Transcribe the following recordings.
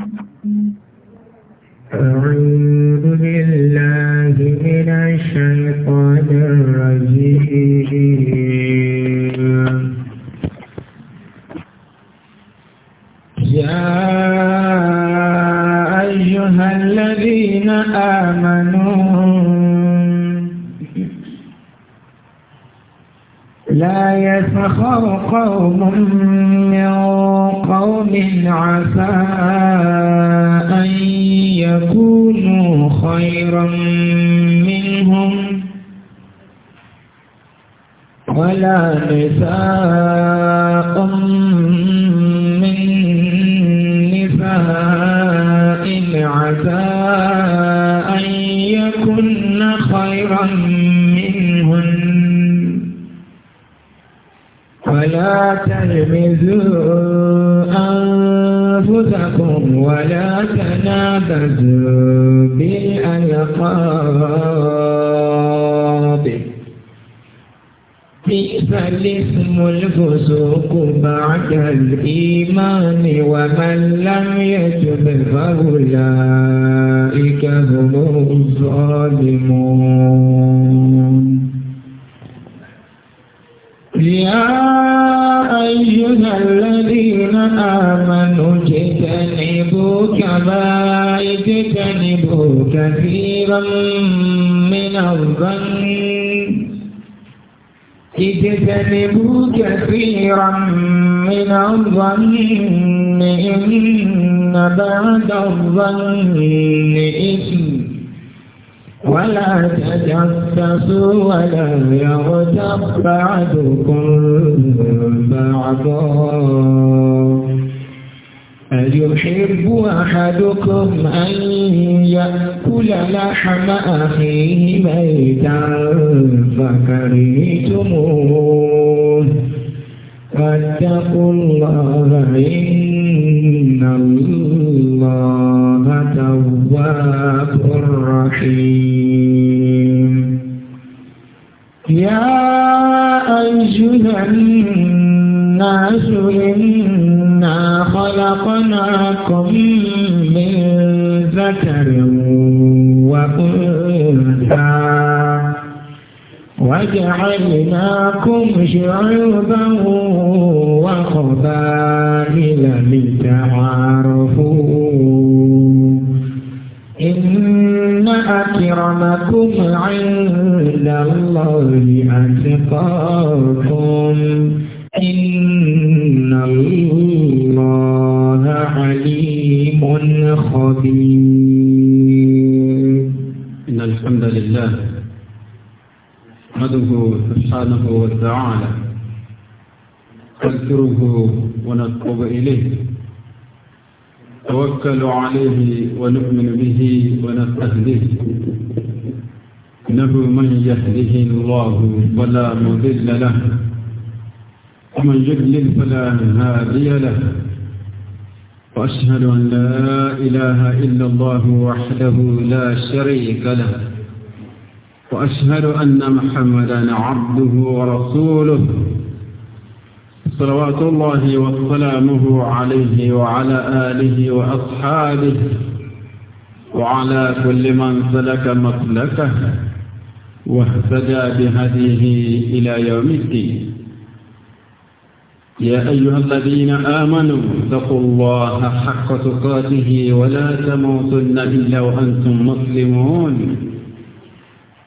أعوذ بالله من الشيطان الرجيم يا أيها الذين آمنوا لا يسخر قوم من قوم عسى خيرا منهم ولا نساء من نساء عسى أن يكن خيرا منهن ولا تلمزوا أنفسكم ولا تنابزوا بئس الاسم الفسوق بعد الإيمان ومن لم يجب فأولئك هم الظالمون يا أيها الذين آمنوا كما اجتنبوا كثيرا من الظن اجتنبوا كثيرا من الظن إن بعد الظن إثم ولا تجسسوا ولا يغتب بعضكم بعضا أيحب أحدكم أن يأكل لحم أخيه ميتا فكرهتموه فاتقوا الله إن الله تواب رحيم جعلناكم شعوبا وقبائل لتعارفوا إن أكرمكم عند الله أتقاكم إن الله عليم خبير سبحانه وتعالى نذكره ونتوب إليه توكل عليه ونؤمن به ونستهديه إنه من يهده الله فلا مضل له ومن يضلل فلا هادي له وأشهد أن لا إله إلا الله وحده لا شريك له وأشهد أن محمدا عبده ورسوله صلوات الله وسلامه عليه وعلى آله وأصحابه وعلى كل من سلك مسلكه واهتدى بهديه إلى يوم الدين يا أيها الذين آمنوا اتقوا الله حق تقاته ولا تموتن إلا وأنتم مسلمون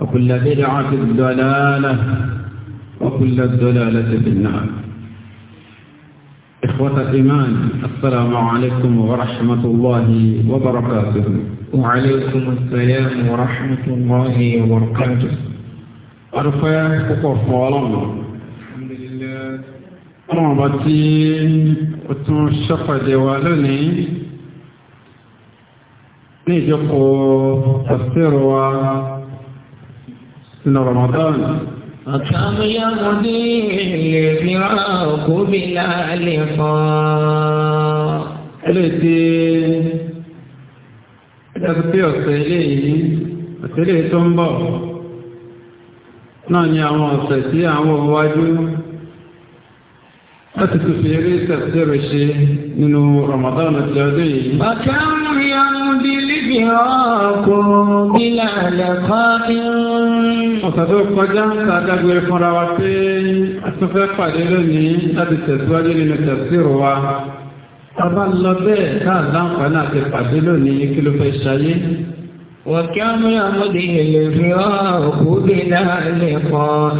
وكل بدعة الدلالة وكل الدلالة في النار إخوة الإيمان السلام عليكم ورحمة الله وبركاته وعليكم السلام ورحمة الله وبركاته أرفع فقر فالما الحمد لله رمضتي وتم جوالني دوالني نيجي تفسير nínú Ramadan. ọ̀kan yá mo ní ilé fi hàn kó mi lálẹ́ fún. ẹlẹ́tẹ̀ ẹ̀dàkùn pé ọ̀sẹ̀ eléyìí ọ̀sẹ̀ eléyìí tó ń bọ̀ náà ni àwọn ọ̀sẹ̀ tí àwọn òwájú láti tún fi eré tẹ̀síọ̀rọ̀ ṣe nínú Ramadan ti ọdún yìí. Ọ̀kẹ́ ń rí ọdún bí lífi ọkọ̀ bílà lẹ́kọ́ Ọ̀sán tó kọjá ń ta dágbére fúnra wa pé a tún fẹ́ pàdé lónìí láti tẹ̀síwájú nínú tẹ̀síwájú wa. Bàbá lọ bẹ́ẹ̀ káà láǹfààní àti pàdé lónìí kí ló fẹ́ ṣayé. وكم يمضي الفراق بلا لقاء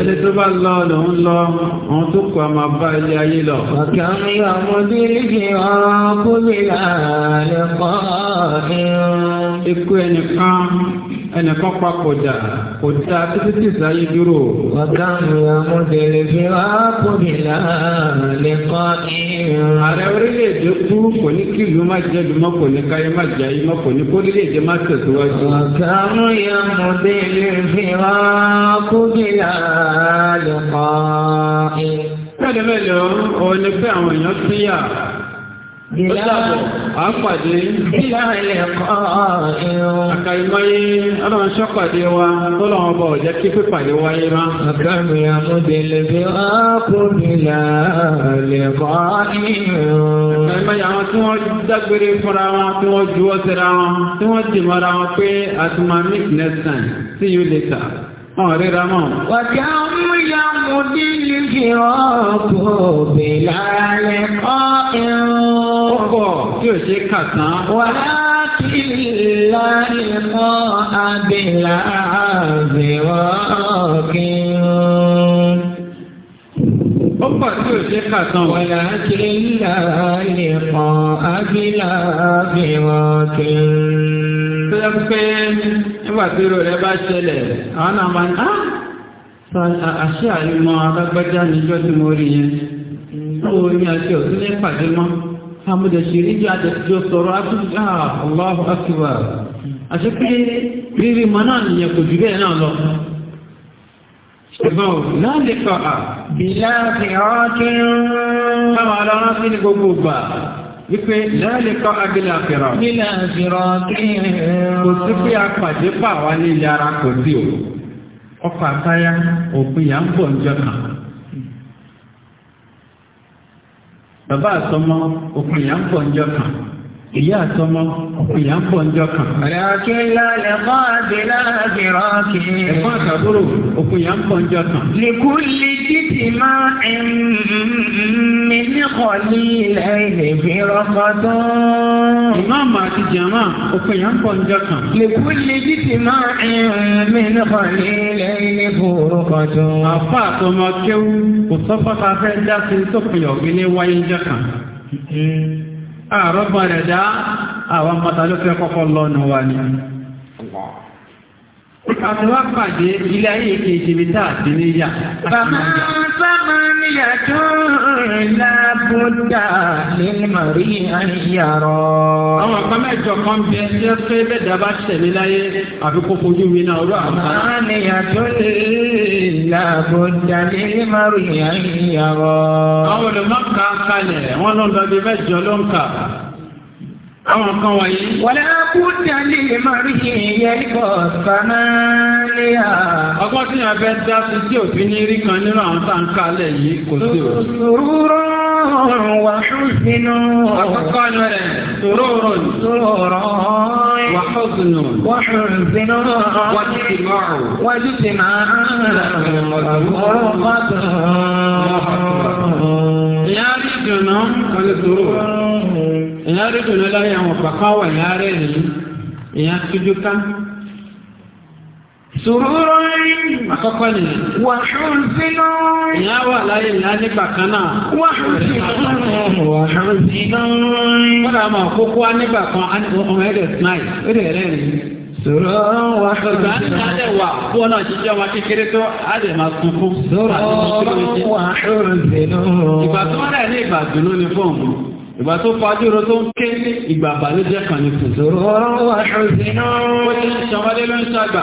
ẹni tó bá lọ lòun lọ òun tó kọ ọmọ bá ilé ayé lọ. وكم يمضي الفراق بلا لقاء ikú ẹnìkan ẹnìkan papòdà kò dá títí tí ìsáyé dúró. ọ̀gáàmù amúdẹ̀lẹ̀ fi ápòmìnà lẹ́kọ́ ìrìn. ààrẹ orílẹ̀-èdè kú kò ní kí ìlú má jẹ́ ìlú mọ́ kò ní káyé má jẹ́ ayé mọ́ kò ní kó orílẹ̀-èdè má tẹ̀síwájú. ọ̀gáàmù amúdẹ̀lẹ̀ fi ápòmìnà lẹ́kọ́ ìrìn. mẹ́lẹ̀mẹ́lẹ̀ òun ni pé àwọn èèyàn síyà. Bíláàbò àpàdé. Bíláàlẹ̀ kọ́ irun. Àkàìmọ́yé ọlọ́run ṣọ́pàdé wa tọ́lọ́run ọba ọ̀jẹ́ kí pípàdé wáyé rán. Àkàmì àmúdélé bí ápò bíláàlẹ̀ kọ́ irun. Àkàìmọ́yé àwọn tí wọ́n dágbére fúnra wọn tí wọ́n juwọ́ síra wọn tí wọ́n dìmọ́ra wọn pé àtúmọ̀ meet next time see you later. Wọ́n ríra mọ́. Wàtí àwọn ìyàwó dé lè fi ọkọ̀ bèèrè alẹ́ kọ́ irun. Ọkọ̀ tí ò ṣe kà tán. Wà á kí ìlà ìmọ̀ abẹ́là àbẹ̀wọ̀ kírun. Ó pọ̀ tí ò ṣe kà tán. Wà á kí ìlà ìmọ̀ abẹ́là àbẹ̀wọ̀ kírun. Tó yẹ pé nígbà tí irú rẹ̀ bá ṣẹlẹ̀ àwọn náà máa ń á ah, àṣẹ àìmọ̀ alágbájá níjọ́ tí mo rí yẹn ó ní àti ọ̀tún ní pàdé mọ́ àmúdẹ̀ ṣe ríjọ àtẹ̀jọ sọ̀rọ̀ àtúntà ah, Allahu Akbar àṣẹ pé rírí mọ́ náà nìyẹn kò jù bẹ́ẹ̀ wípé lẹ́ẹ̀lẹ́kọ́ abílẹ̀ àfẹ́rọ̀ nílẹ̀ àfẹ́rọ̀ kí kò sí pé apàdé pà wá ní ilé ara kò sí o ọkọ̀ àtayá òpin yà ń bọ̀ ń jọta bàbá àtọmọ òpin yà ń bọ̀ ń jọta ìyá àtọmọ ìyá ń pọ̀ ńjọ kan. Ràkí lálẹ́ kọ́ àbílá àbírọ́ kì í. Ẹ̀fọ́n àtàbúrò òkun ìyá ń pọ̀ ńjọ kan. Lèkúlì títì máa ń mi níkọ̀lí ilẹ̀ ìlẹ̀fẹ́ rọ́kọ̀tọ́. Ìmáàmù àti jàmá òkun ìyá ń pọ̀ ńjọ kan. Lèkúlì títì máa ń mi níkọ̀lí ilẹ̀ ìlẹ̀fẹ́ rọ́kọ̀tọ́. Àfọ́ àtọmọ àrọ́gbọ̀n ah, rẹ̀ dá àwọn ah, mọ́ta ló fẹ́ kọ́kọ́ lọ́nu wa ni. Allah. Àtiwá pàdé ilé ayé ìké ìṣèbí tá àti níyà. Bàbá sábà níyà tó lábúdà nínú màrí àyàrọ̀. Àwọn kan mẹ́jọ kan bẹ tí ó fẹ́ bẹ́ẹ̀dá bá ṣẹ̀lẹ̀ láyé àfi kó fojú mi náà rú àmà. Bàbá níyà lábúdà nínú màrí àyàrọ̀. Àwọn olùmọ̀ọ́ká kalẹ̀ wọ́n ló ń lọ bí mẹ́jọ ló ń kà àwọn kan wọ̀nyí. wọ́n á kú tẹ̀lé ìmọ̀rí ìyẹ́lẹ́kọ̀ sàmáníà. ọgbọ́n tí yàn fẹ́ dá sí tí òfin ní rí kan nínú àwọn tá à ń kalẹ̀ yìí kò sí o. sòróró wà húsínú. àkọ́kọ́ ni rẹ̀ sòróró. sòróró. wà húsínú. wà húsínú. wà jùtì máa. wà jùtì máa. wà jùtì máa dùnú kan lè sòrò èèyàn rí dùnú láyé àwọn pàpà wà ní ààrẹ nìyí èèyàn tójú ká sòrò àkọ́kọ́ nìyẹn. wà ṣùn sínú. èèyàn wà láyé èèyàn nígbà kan náà. wà ṣùn sínú. wà ṣùn sínú. kódà máa kókó Sọ̀rọ̀ wà ṣùgbọ́n àti Ìgbà tó wọ́n tó ń ké ìgbà àbálẹ́jẹ́ kan ni fún. Sọ̀rọ̀ wà ṣùgbọ́n ìṣẹ̀lú. Ó ti ṣọmọdé ló ń ṣàgbà.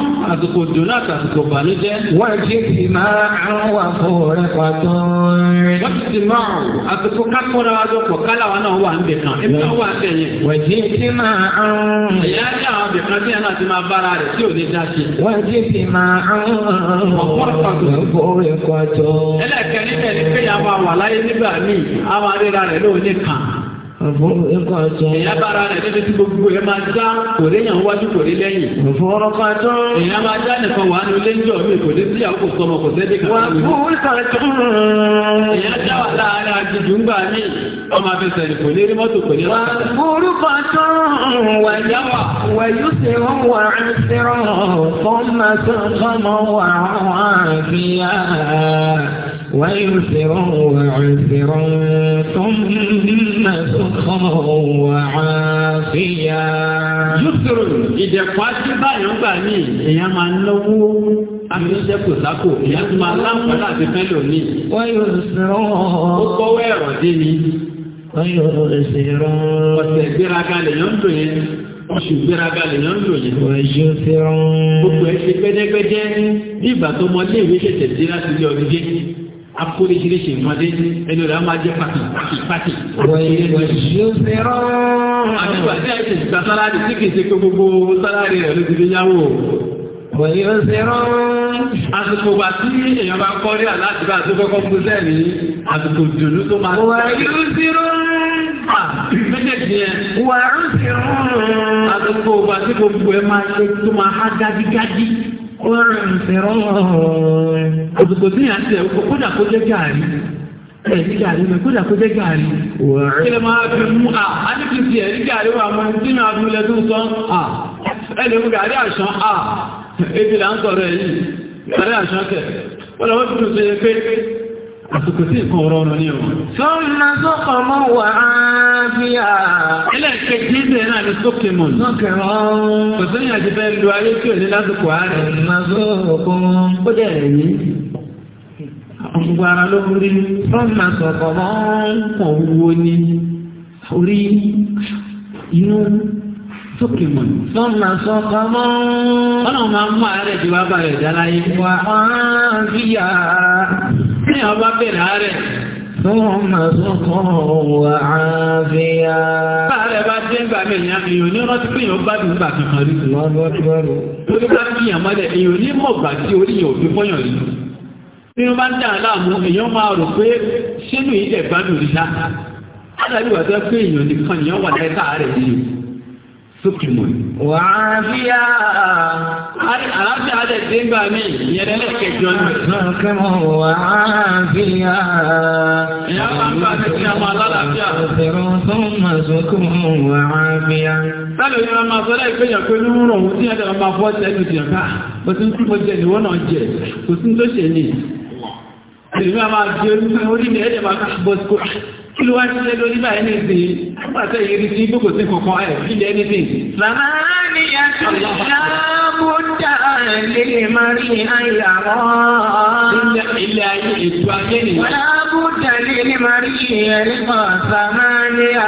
àsìkò dùnú àtàsìkò bànújẹ́. wọ́n ti ti máa àwọn àfọwọ́rẹ́ pàtó rẹ̀. wọ́n ti ti máa àsìkò kákọ́ra wa lọ́pọ̀ káláwa náà wà ń bẹ̀ kan ẹ̀mí náà wà sẹ́yìn. wọ́n ti ti máa àwọn. ìyá ní àwọn bẹ̀ kan tí ẹ̀ náà ti máa bára rẹ̀ tí ò ní dá sí. wọ́n ti ti máa àwọn àfọwọ́rẹ́ pàtó. ẹlẹ́kẹ̀ẹ́ níbẹ̀ ni pé Èyàn bára rẹ̀ níbi tí gbogbo ẹ̀ máa já kò rí èyàn wájú kò rí lẹ́yìn. Ìfọwọ́rọ́ kan tó. Èyàn máa já nìkan wà ní ilé níjọ́ mi kò ní sí àwọn kò sọmọ kò sẹ́dí kan. Wà fún ìsàtún. Èyàn já wà láàárín àjèjì ńgbà mí. Ọmọ afẹsẹ̀ kò ní ń ṣẹ́rọ̀ ويسرا وعسرا ثم سخرا وعافيا yusuru ìdẹ̀kùn àti báyìí ń gbà ní èèyàn máa ń lówó àmìlẹ́jẹ́ kò sákò èèyàn ti máa láǹfààní àti fẹ́lò ní. wọ́n yóò sọ̀rọ̀. ó gbọ́wọ́ ẹ̀rọ dé ni. wọ́n yóò sọ̀rọ̀. ọ̀sẹ̀ ìgbéraga lèèyàn ń lò yẹn oṣù gbéraga lèèyàn ń lò yẹn. wọ́n yóò sọ̀rọ̀. gbogbo ẹ̀ ṣe pẹ́dẹ́pẹ́dẹ́ bí ìgbà tó mọ ilé ìwé ṣẹ̀ṣẹ̀ dé láti ilé ọdún dé akóríṣiríṣi ìmọ̀dé ẹni rẹ̀ máa jẹ́ pàtì pàtì pàtì. Wọ̀nyí ó ṣe rán. Àsìkò bá tí èèyàn bá kọ́ rí àláti bá tó kọ́kọ́ fún sẹ́ẹ̀rí, àsìkò dùnú tó máa tẹ́lẹ̀. Wọ̀nyí ó ṣe rán. Méjèèjì yẹn. Wọ̀nyí ó ṣe rán. Àsìkò bá tí gbogbo ẹ máa ṣe tó máa há gájígájí wọ́n rẹ̀ fẹ́ràn òdòdó tí yà ń tẹ̀ kódà kó jẹ́ gàárì ẹ̀rí gàárì mẹ́ kódà kó jẹ́ gàárì wọ́n lọ́wọ́ àsìkò tí nǹkan ọ̀rọ̀ ọ̀rọ̀ ní o. sọ́nà sọ́kọ̀ mọ́ wà á bí a. ẹlẹ́ẹ̀kejì ń bẹ̀rẹ̀ náà ní sókè mọ̀ ní. sókè mọ́. kò sẹ́yìn àti bẹ́ẹ̀ lu ayé tí ò ní lásìkò àárẹ̀. sọ́nà sọ́kọ̀ ó dẹ̀ rẹ̀ yìí. ara ló rí. sọ́nà sọ́kọ̀ mọ́ kò wúwo ní orí inú sókè mọ̀ sọ́nà sọ́kọ̀ mọ́. ọlọ́run máa mú àárẹ̀ ju wá bàrẹ̀ dá láyé. wà á bí a ní ọba bẹ̀rẹ̀ ààrẹ. Fọ́nmà sọ́kàn wà áfíà. Báàrẹ̀ bá jẹ́ ìgbà mi ìyá mi, ìyòní rántí pé èèyàn bá dùn gbà kankan rí. Lọ́dọ̀ lọ́rọ̀. Torí bá fi yàn mọ́lẹ̀, ìyòní mọ̀ gbà tí orí yàn òfin fọ́yàn rí. Bí wọ́n bá ń dàn láàmú, èèyàn máa rò pé ṣé nù rí sá. Ádàbí wà tó pé èèyàn nìkan ìyàn wà láyé káàárẹ̀ yìí sókèmù. wàhálà alábẹ́ àdẹ̀dẹ́ gbà mí ìyẹn lẹ́kẹ̀jọ ni. sókèmù wàhálà. ìyá máa ń bá mi sí àwọn alálàáfíà. ọ̀sẹ̀rọ̀ tó máa sókèmù wàhálà. sálẹ̀ ni wọ́n máa sọ́dọ̀ ìpéyàn pé nínú rọ̀ wọ́n tí ẹ̀dẹ̀ wọn máa fọ́ ọ́ sẹ́nu dìyàn ká bó ti kò sí ní tó ṣe ní. èmi jẹ kí ló wá ń ṣe lórí báyìí ní ìsìn pàṣẹ ìrírí tí gbogbo sí kankan ẹ̀ kí lẹ́ ní sìn. bàbá mi yàtọ̀ ìyáàbòdà lè má rí àyàwó. ilé ayé ètò ayé nìyẹn. ìyáàbòdà lè má rí ẹ̀rí kan sàmáníà.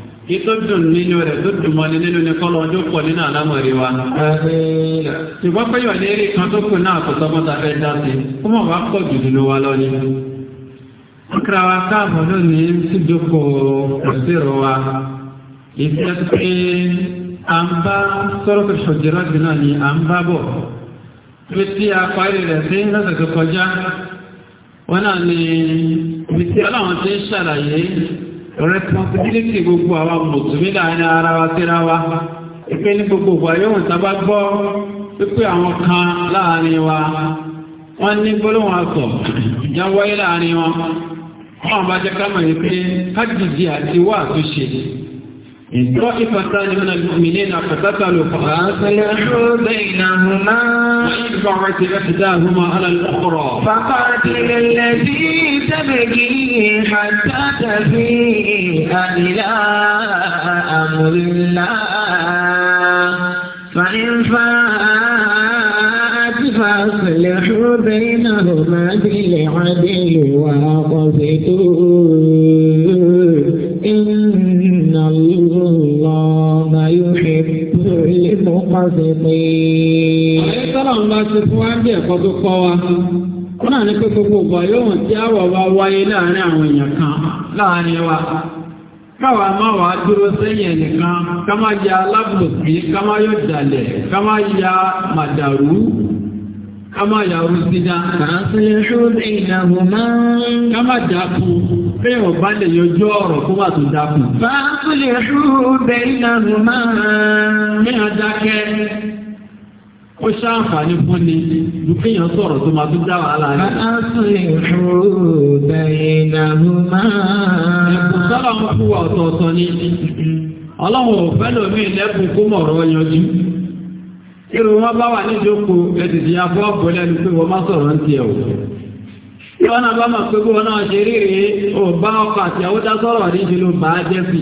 ìtò dùn nínú rẹ̀ tó dùn mọ́ni nínú ní kọ́ lọ́jọ́ pọ̀ nínú àlámọ̀rí wa. ṣùgbọ́n pé yọ̀ ní eré kan tó kù náà kò sọ́mọ́ ta fẹ́ dá sí kó mọ̀ wá pọ̀ jù nínú wa lọ ni. ó kíra wa káàbọ̀ lónìí síjókòó òṣèrò wa. ìfẹ́ pé à ń bá sọ̀rọ̀ tó ṣòjìrọ̀ jù náà ni à ń bá bọ̀. ibi tí a rẹ̀ sí lọ́sẹ̀ kọjá wọn náà ni ibi tí ọlọ́run ti ń ṣàlàyé responsibility gbogbo àwọn mùsùlùmí láàrin ara wa síra wa ìpé ní gbogbo wa yóò sábà gbọ́ pípé àwọn kan láàrin wa wọ́n ní gbólóhùn asọ̀ ìjà wáyé láàrin wọn wọ́n bá jẹ́ ká yìí pé kájìjì àti wà àtúnṣe طائفتان من المؤمنين فقتلوا فأصلحوا بينهما وإن إحداهما على الأخرى فقاتل الذي تبكي حتى تفيء إلى أمر الله فإن فاءت فأصلحوا بينهما بالعدل وأقسطوا ṣe pé. ọ̀rẹ́ sọ́lọ́run bá ti fún wa ń bí ẹ̀kọ́ tó kọ́ wa náà ní pé gbogbo yóò hàn tí àwọ̀ wa wáyé láàárín àwọn èèyàn kan wa káwa máa wà dúró sẹ́yìn ẹnìkan ká máa ya ká máa yọ jalè ká máa ya màdàrú ká máa ya rúsídá. kàá sílẹ̀ ṣó ìdàgbò máa ń. ká máa Bẹ́ẹ̀ ọba lè yọjọ́ ọ̀rọ̀ kó wà tó dákù. Fáàtú lè rú máa. dákẹ́. Ó ṣàǹfààní fún ni ju sọ̀rọ̀ tó máa tún dá wàhálà rẹ̀. lè rú máa. sábà ń fún wa ọ̀tọ̀ọ̀tọ̀ Ọlọ́run ò fẹ́ lẹ́kùn kó yanjú wọn bá wà afọ ọgbọlẹ ẹni pé má sọ̀rọ̀ tí wọ́n náà bá mọ̀ pé bó náà ṣe rí rí ò bá ọkọ̀ àti àwọn dá sọ́rọ̀ ní ìṣẹ́lú bá jẹ́ sí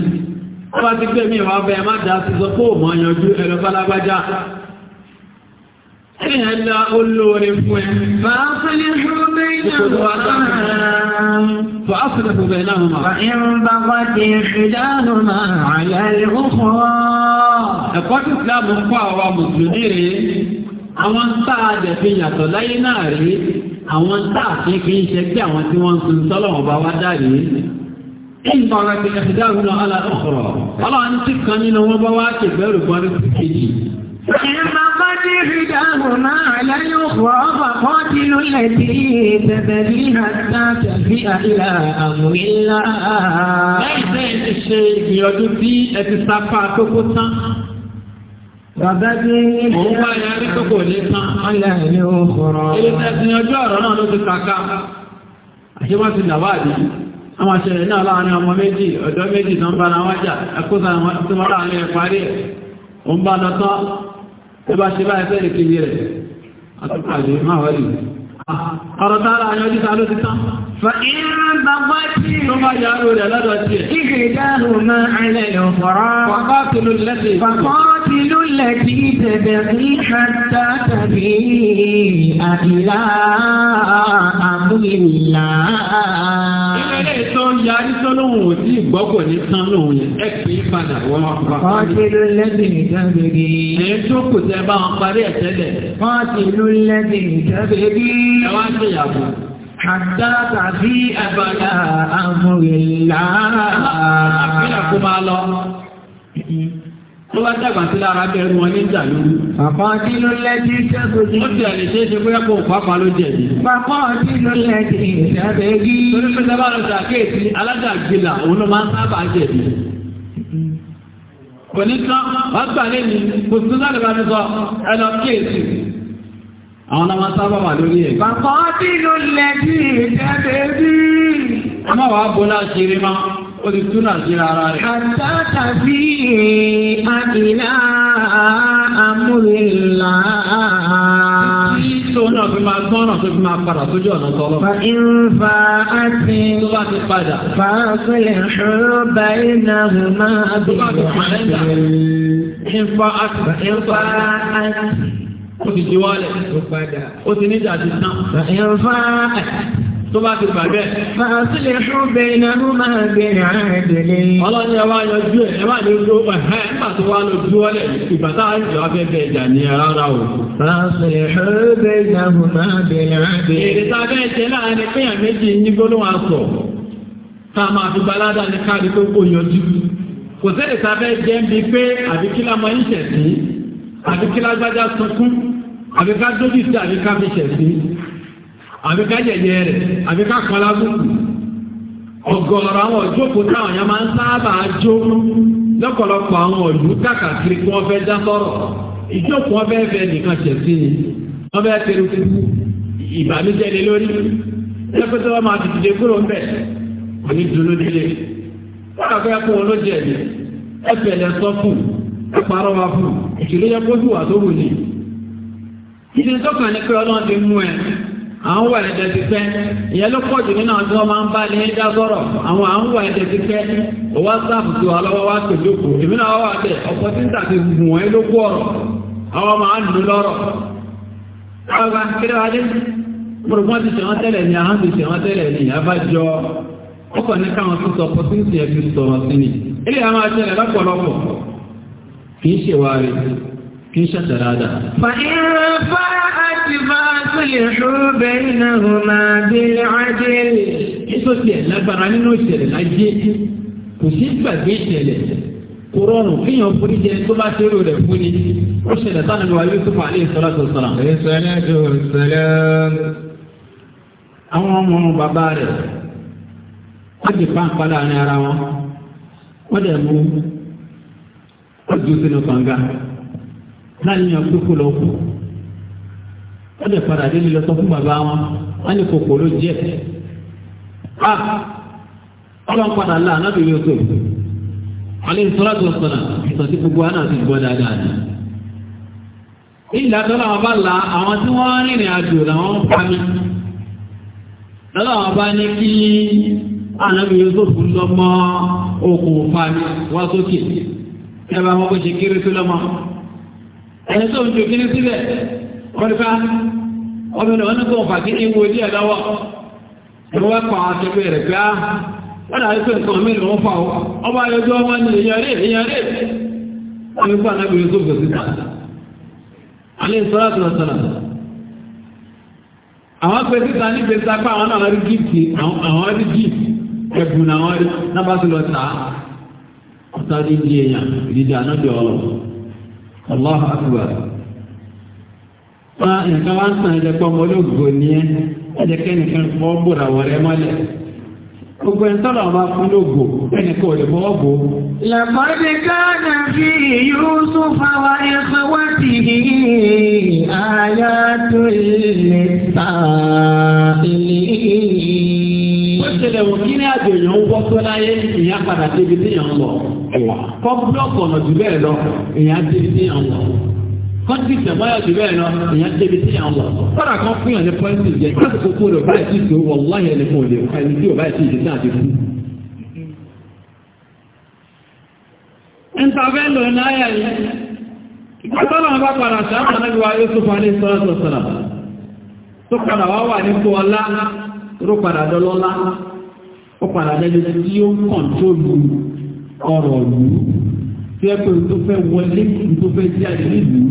wọ́n bá ti gbé mi wá bẹ́ẹ̀ má dá sí sọ pé ò mọ̀ yanjú ẹ̀rọ fálágbájá ẹ̀yà ńlá olóore fún ẹ fàásìlẹ̀ fún بينهما فإن بغت إحداهما على الأخرى ẹ̀kọ́ tí Ìsìlámù ń kọ́ àwọn mùsùlùmí rèé àwọn ń sáà jẹ̀ fi yàtọ̀ láyé náà rèé àwọn táàfin kì í ṣe pé àwọn tí wọ́n ń sun sọ́lọ́wọ́n bá wá dáre ẹ̀yìn ọ̀rọ̀ ti ẹ̀fẹ̀dá ìrúnà aláàkọ̀rọ̀ ọlọ́run tí kan nínú wọn bá wá kẹgbẹ́rù kan ní kejì Ìgbà bá dé rí dáhùn náà lẹ́yìn òkú ọba kan tí ló lẹ̀ sí ìbẹ̀bẹ̀ bí àtà tàbí ti ṣe ìgbìyànjú bí tán. Bàbá bí ní mò ń bá yarí tó kò ní tán. Ọlá ìlú òkúrọ̀. Ilé tẹ̀sìn ọjọ́ ọ̀rọ̀ náà ló ti kàkà. Àṣé wọ́n ti dàbá àdìyí. Àwọn àṣẹlẹ̀ náà láàárín ọmọ méjì, ọ̀dọ́ méjì tó ń bá ara wájà, ẹkúta tí wọ́n láàárín ẹ̀ parí ẹ̀. Ó ń bá lọ tán. Ẹ bá ṣe báyìí fẹ́rẹ̀ kiri rẹ̀. Àtúpàdé máa wọ́lì. قاتل التي تبغي حتى تبيع إلى أمر الله ilé tó ń yarí tó kù tẹ́ bá wọn parí ẹ̀ tẹ́lẹ̀. wọ́n ti ẹ wá ṣe yàgò. Àdá tàbí àbàlà àmúrelá. Àbílẹ̀ kó máa lọ tó bá dàgbà sí lára bẹ́ẹ̀rù wọn ní ìjà lóru. bàbá ọtí ló lẹ́jì ṣẹ́gun ní. ó ti àlè ṣeé ṣe bóyá kó pàápàá ló jẹ̀bi. bàbá ọtí ló lẹ́jì ṣàbẹ̀gí. torí pé sábà lọ ṣàkíyèsí alájàgbìlà òun ló máa ń sábà jẹ̀bi. kò ní tán wàá gbà lẹ́yìn kò sí sáré bá sọ ẹ lọ kíyèsí àwọn ọmọ sábà wà lórí ẹ̀. bàbá ọtí ló lẹ́jì ṣàbẹ̀gí ó ti túnà sí ara rẹ̀. àtàkà sí àìlá amúlélá. Tó náà fi máa gbọ́nà tó fi máa padà sójú ọ̀nà tọ́lọ́. Fa ìfà àti. Tó bá ti padà. Fàákùlẹ̀ ṣòro báyìí náà mo máa bẹ̀ wá sílẹ̀. Ìfà àti. Ìfà àti. Ó ti di wálẹ̀. Ó padà. Ó ti níjà ti tán. Ìfà àti tó bá ti bà bẹ́ẹ̀. Màá sì lè fún bẹ́ẹ̀ náà ló máa bẹ̀rẹ̀ àádẹ́lẹ́. Ọlọ́ni ẹ wá yọjú ẹ̀ ẹ má lè lo ẹ̀hẹ́ nígbà tó wá lọ ju ọlẹ̀ ìbàtà ìjọba fẹ́ bẹ̀ jà ní ara o. Màá sì lè fún bẹ́ẹ̀ náà ló máa bẹ̀rẹ̀ àádẹ́lẹ́. Èrè ta bẹ́ẹ̀ jẹ́ láàrin péyàn méjì ní gbólóhùn aṣọ. Ká máa fi balada ní káàdì tó kò yọjú. Kò sẹ́ni ta àbí ká rẹ̀ àbí ká kan lábùkù àwọn ìjókòó táwọn yẹn máa ń sábà jó lọ́pọ̀lọpọ̀ àwọn ìlú kàkàkiri kí wọ́n fẹ́ dá sọ̀rọ̀ ìjókòó wọn fẹ́ẹ́ fẹ́ nìkan ṣẹ̀ sí ni wọ́n fẹ́ẹ́ tẹ̀lé kúkú ìbànújẹ́ ni lórí wọn máa kúrò ní dunu délé wọ́n kó wọn ló jẹ̀ àwọn wà ní tẹ̀sí fẹ́ ìyẹn ló pọ̀ jù nínú àwọn tí wọ́n máa ń bá ní dá sọ̀rọ̀ àwọn àwọn wà ní tẹ̀sí pẹ́ ọwọ́ sáàpù tí wà lọ́wọ́ wá tòjókò èmi náà wà tí ń gùn wọ́n ló kú ọ̀rọ̀ àwọn lọ́rọ̀ ọba wa dé ti tẹ́lẹ̀ ti tẹ́lẹ̀ ọkọ̀ ní káwọn tó sọ kí ṣẹ̀ṣẹ̀ rádà. Fàífà àti bá sílẹ̀ ṣúbẹ̀ náà máa bí ajé. Ètò ti ẹ̀ lágbára nínú ìṣẹ̀lẹ̀ lájé kò sí gbàgbé ìṣẹ̀lẹ̀. Kò rọrùn fíyàn fún ìjẹ tó bá ṣe rò rẹ̀ fún ni. Ó ṣẹlẹ̀ sáà nínú ayé tó fàálẹ̀ ìṣọ́lá Àwọn ọmọ ọmọ bàbá rẹ̀ wọ́n ti pa àpá láàrin ara wọn. Wọ́n dẹ̀ mú ọjọ́ sínú kànga. láàyàn kúkú ló kù wọ́n lè padà dé lílọ sọ fún bàbá wọn wọ́n lè kòkòrò jẹ́ a ah! ọlọ́n padà là nábì Yusuf alayhi salatu wa salam ìtọ́sí gbogbo àná na gbọ́ dáadáa ni ìlà tó bá la àwọn tí wọ́n rìnrìn àjò làwọn ń pa mi bá ní kí ànábì lọ́mọ okùn wá sókè bá wọn ṣe kéré tó lọ́mọ. ẹni tó ń ju kíní sílẹ̀ wọ́n ká ah, ọmọ ìlú ọ̀nà tó ń fàkí ní wo wá pa rẹ̀ pé á ah, wọ́n nǹkan fà ọba ọmọ àwọn ní àwọn náà rí gíìtì àwọn rí gíìtì ẹ̀bùn àwọn rí Allah akbar. Wọ́n nǹkan wá ń sàn ẹ̀jẹ̀ pọ̀ mọ́ olóògbò ní ẹ́, ẹ̀jẹ̀ kẹ́nìkan pọ̀ bòrà wọ̀rẹ́ mọ́lẹ̀. Gbogbo ẹ̀ tọ́lọ̀ ọba fún lóògbò, ẹnìkan ò lè bọ́ ọ̀bọ̀. لقد كان في يوسف وإخوته آيات للسائلين. Ó ṣẹlẹ̀ wò kí ní àjòyàn ń wọ́ tó láyé ìyá padà débi tí yàn ń lọ. kọ́ búlọ́ọ̀kù ọ̀nà jù bẹ́ẹ̀ lọ èèyàn débi sí àwọn kọ́ńtì tẹ̀gbọ́yà jù bẹ́ẹ̀ lọ èèyàn débi sí àwọn kọ́dà kan fún yàn ní pọ́ńtì jẹ kókó rẹ̀ báyìí wọ̀ láyé ẹni fún òde ẹni tí ò báyìí àti fún. bá padà tó padà wá wà ní ọ̀rọ̀ ìlú tí ẹ pé tó fẹ́ wọlé tó fẹ́ jáde nílùú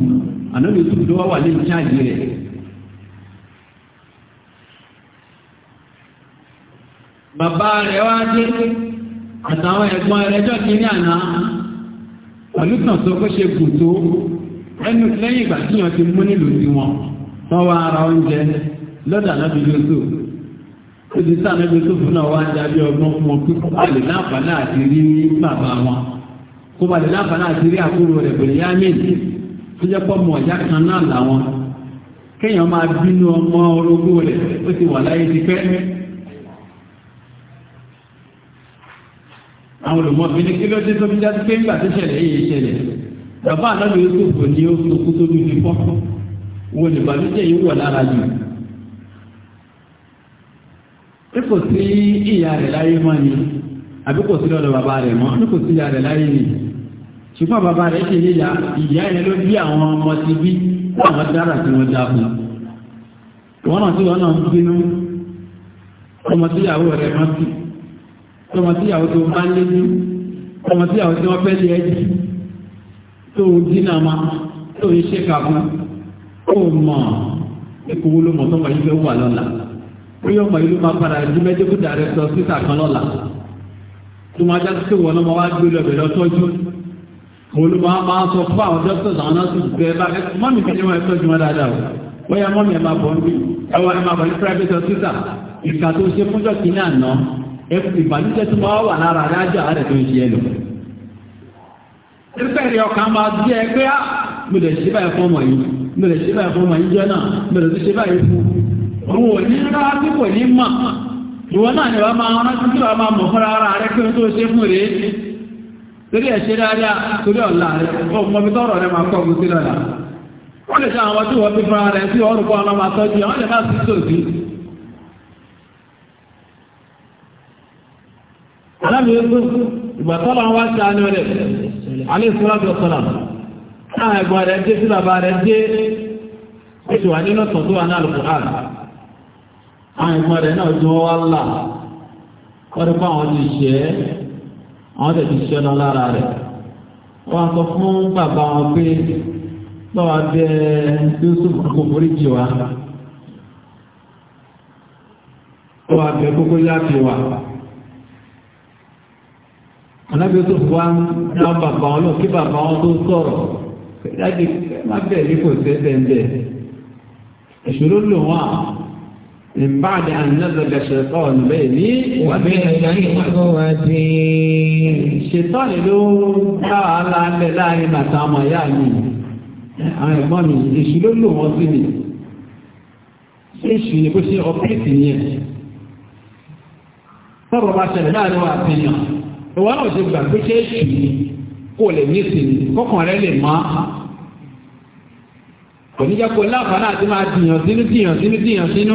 ànábi tó fi wá wà lé ọdụ rẹ̀. bàbá rẹ̀ wá dé àtàwọn ẹ̀gbọ́n rẹ̀ jọ́ kí ní àná pẹ̀lú tàn ṣe kù tó ẹnu Tòdí sáàmì ibi tó fún náà wá ń jábí ọgbọ́n fún wọn pé kó bá lè láǹfààní àti rí bàbá wọn. Kó bá lè láǹfààní àti rí àkúrò rẹ̀ pẹ̀lú yá méjì tó jẹ́ pọ́ mọ̀ ọ̀já kan náà làwọn. Kéèyàn máa bínú ọmọ orogún rẹ̀ ó ti wà láyé ti pẹ́. Àwọn olùmọ̀bìnrin kí ló dé tó fi já sí pé ńgbà tó ṣẹlẹ̀ yìí ṣẹlẹ̀. Bàbá àlọ́ ní kò sí ìyá rẹ̀ láyé mọ́ ni àbí kò sí lọ́dọ̀ bàbá rẹ̀ mọ́ ní kò sí ìyá rẹ̀ láyé ni ṣùgbọ́n bàbá rẹ̀ ṣe níyà ìyá yẹn ló bí àwọn ọmọ ti bí àwọn dára tí wọ́n dá fún wọn náà tí wọn náà ń bínú ọmọ tíyàwó rẹ̀ mọ́ sí ọmọ tíyàwó tó bá ń lébi ọmọ tíyàwó tí wọ́n fẹ́ lé ẹ̀jì tó ń dínà ma tó ń ṣe kàkún ó mọ̀ ẹ̀kọ́ wọlé mọ̀ tó wà yí fẹ́ wà lọ́la bóyá ọmọ ìlú máa padà ju mẹ́díkù dàrẹ́tọ̀ sísà kan lọ́la tó máa já sí wọn ọmọ wa gbé lọ bẹ̀rẹ̀ ọtọ́jú òun ló máa máa sọ fún àwọn dókítà àwọn nọ́ọ̀sì bẹ́ẹ̀ bá mọ́mì kí ni wọ́n tọ́jú wọn dáadáa o bóyá mọ́mì ẹ̀ máa bọ̀ ń bí ẹwà ẹ̀ máa bọ̀ ní private hospital ìka tó ṣe fúnjọ́ kìíní àná ìbànújẹ́ tó máa wà lára adájọ́ àárẹ̀ tó ń ṣe ẹ lò. ìbẹ̀rẹ̀ ọkàn máa bí ẹgbẹ́ ah, mo lè ṣe báyìí fún ọmọ yìí mo lè ṣe báyìí fún ọmọ yìí jẹ́ náà mo lè ṣe báyìí fún òun ò ní rárá tí kò ní mọ̀ ìwọ náà ni wọ́n máa rántí tí wọ́n máa mọ̀ fúnra ara rẹ pé tó ṣe fún rèé torí ẹ̀ṣẹ́ dáadáa torí ọ̀la rẹ ọmọ mi tọrọ rẹ máa kọ́ ọ̀gbìn sí lọ́la wọ́n lè ṣe àwọn tí wọ́n fi fúnra rẹ sí ọ̀rùn kan ọlọ́mọ àtọ́jú àwọn lè má sí sòdì. oṣù wà nínú tọ̀tún wà náà lùkù àwọn ìgbọ́n rẹ̀ náà tí wá là kọ́rí pé àwọn ti ṣe é àwọn tẹ̀ ti ṣe ọ́nà lára rẹ̀ wọ́n sọ fún bàbá wọn pé báwa bẹ Yusuf kò forí jì wá wọ́n abẹ kókó yáàfi wá anábì Yusuf wá náà bàbá wọn lọ kí bàbá wọn tó sọ̀rọ̀ láti má bẹ̀ẹ́ ní kò sẹ́ẹ̀ bẹ́ẹ̀ bẹ́ẹ̀ ìṣòro lò wọ́n à. من بعد أن نزل الشيطان بيني وبين إخوتي الشيطان ló dá wàhálà lẹ̀ láàrin bàtà ọmọ ìyá mi àwọn ẹ̀gbọ́n mi èṣù ló lò wọ́n sí mi èṣù ni bó ṣe ọ̀pẹ́ẹ̀tì yẹn sọ̀rọ̀ bá ṣẹlẹ̀ láàrin wa àfihàn ìwọ náà ṣe gbà pé ṣe èṣù ni kó lè ní ìsinmi kọ́kàn rẹ lè mọ́ kò ní jẹ́ kó láǹfààní àti máa dìyàn sínú dìyàn sínú dìyàn sínú.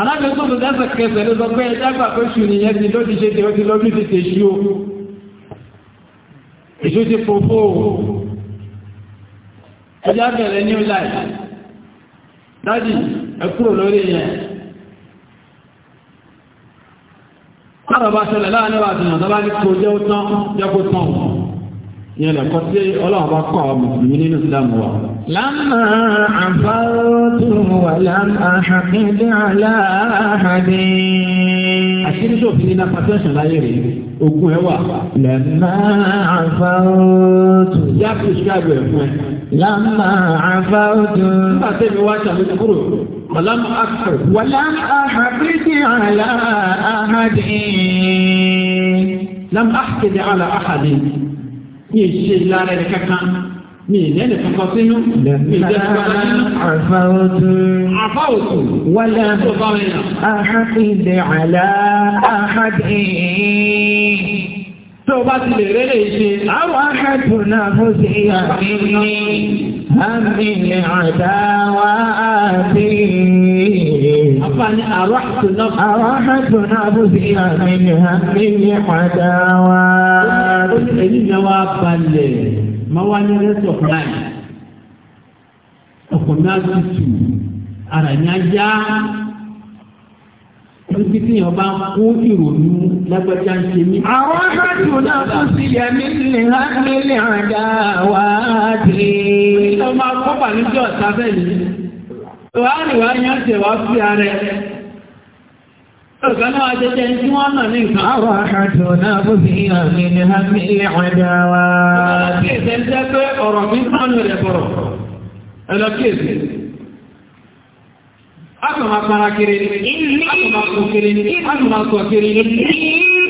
alábẹ́sọ̀tò lẹ́sẹ̀kẹsẹ̀ ló sọ pé ẹjágbà pé ṣù ní ẹni ló ti ṣe tí ó ti lọ́bí ti tè ṣú ìṣú ti fòfó ẹjá bẹ̀rẹ̀ new life dájì ẹkúrò lórí yẹn kọ́rọ̀ bá ṣẹlẹ̀ láàrin wà yẹn lẹ́kọ́ tí ọlọ́run bá kọ́ àwọn mùsùlùmí nínú ìsìlámù wa. lámà àfáwọ́tò wà lámà àhàkẹ́dẹ́ aláhàdé. àṣírí tó fi ní náà pàtẹ́sán láyé rèé ogun ẹ wà. lámà àfáwọ́tò. yá kí n ṣe àgbẹ̀ fún ẹ. lámà àfáwọ́tò. nígbà tẹ́mi wá ṣàlùkù kúrò. ولم أكفر ولم أحقد على أحد لم أحقد ní ìṣe ìlànà ẹni kankan ní ìlẹ́nì kankan sínú àfáòtù àfáòtù wọ́lá àhàkìdẹ̀ àlá àhàkìdẹ̀ tó bá ti lè rẹ́lẹ̀ ṣe àwọn akẹ́kọ̀ọ́ náà fún sí àmì àmì àdáwà àti Àfààní àrọ́hàtò náà. Àrọ́hàtò náà bó ti àmì mi á ti tù, ara ní ajá. Níbi tí yàn bá kó ìrònú lágbájá ń ṣe mí. Àwọn aṣáájú náà kò sí ẹ̀mí nìlá nílé àdá wá dé. Ìjọba kọ́pà níjọ́ ọ̀sá bẹ́ẹ̀ ni. Wàárí wá yán jẹ wá sí ààrẹ. Ọ̀gá náà jẹjẹ tí wọ́n nà ní nǹkan. Àwọn àṣàjò náà bó fi hàn mí ní àmì ilé ọjà wa. Ọ̀gá kìí jẹ́ pé ọ̀rọ̀ mi sánú rẹ̀ bọ̀rọ̀. Ẹlọ kéèsì. Akọ̀mà para kiri ni. Akọ̀mà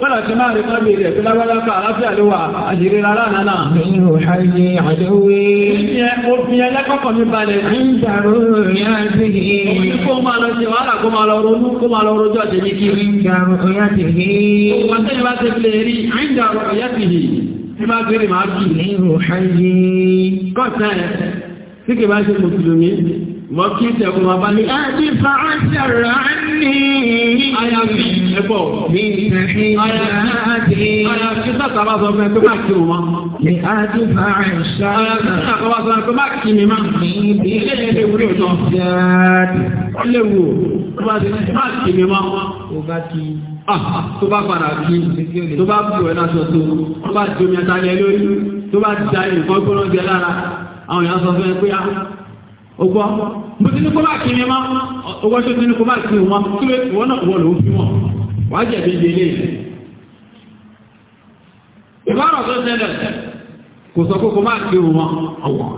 Bọ́lá ti máa rí mọ́bí rẹ̀ tó lágbàlápà aláfíà ló wà àjèrè rárá náà. Mi ò ṣayé àdówé. Mo fi ẹ lẹ́kọ̀ọ́kọ̀ mi balẹ̀. Ń dàrú ní àdìgí. Mo ní kó máa lọ ṣe wàhálà kó máa lọ ronú bá ti fi lè mọ kí sẹ́kùn máa bá ní. Ẹbí fa ṣẹ̀rọ ní. Ayàfi ẹ̀bọ̀. Mi sẹ́kì láti. Ayàfi sàkà bá sọ fún ẹ pé má kí o mọ. Mi àti fa ṣẹ̀rọ. Ayàfi sàkà bá sọ fún ẹ pé má kí mi má. Mi bí ilé ilé wúlò tán. Jáde. Ilé wo? Tó bá ti má kí mi má. Tó bá kí. Ah, tó bá padà kí. Tó bá bù ẹ̀ lásọ tó. Tó bá di omi ẹ̀ta lẹ lórí. Tó bá da nǹkan gbọ́dọ̀ jẹ lára. Àwọn èèyàn sọ fún ẹ pé ah, ọgbọ́ bó ti ní kó bá kí ni ma ọgbọ́ tó ti ní kó bá kí ni wọn kí ló ti wọ́n náà wọ́n ló fi wọn wàá jẹ̀bi délé ìbára tó ṣẹlẹ̀ kò sọ pé kó bá kí ni wọn ọwọ́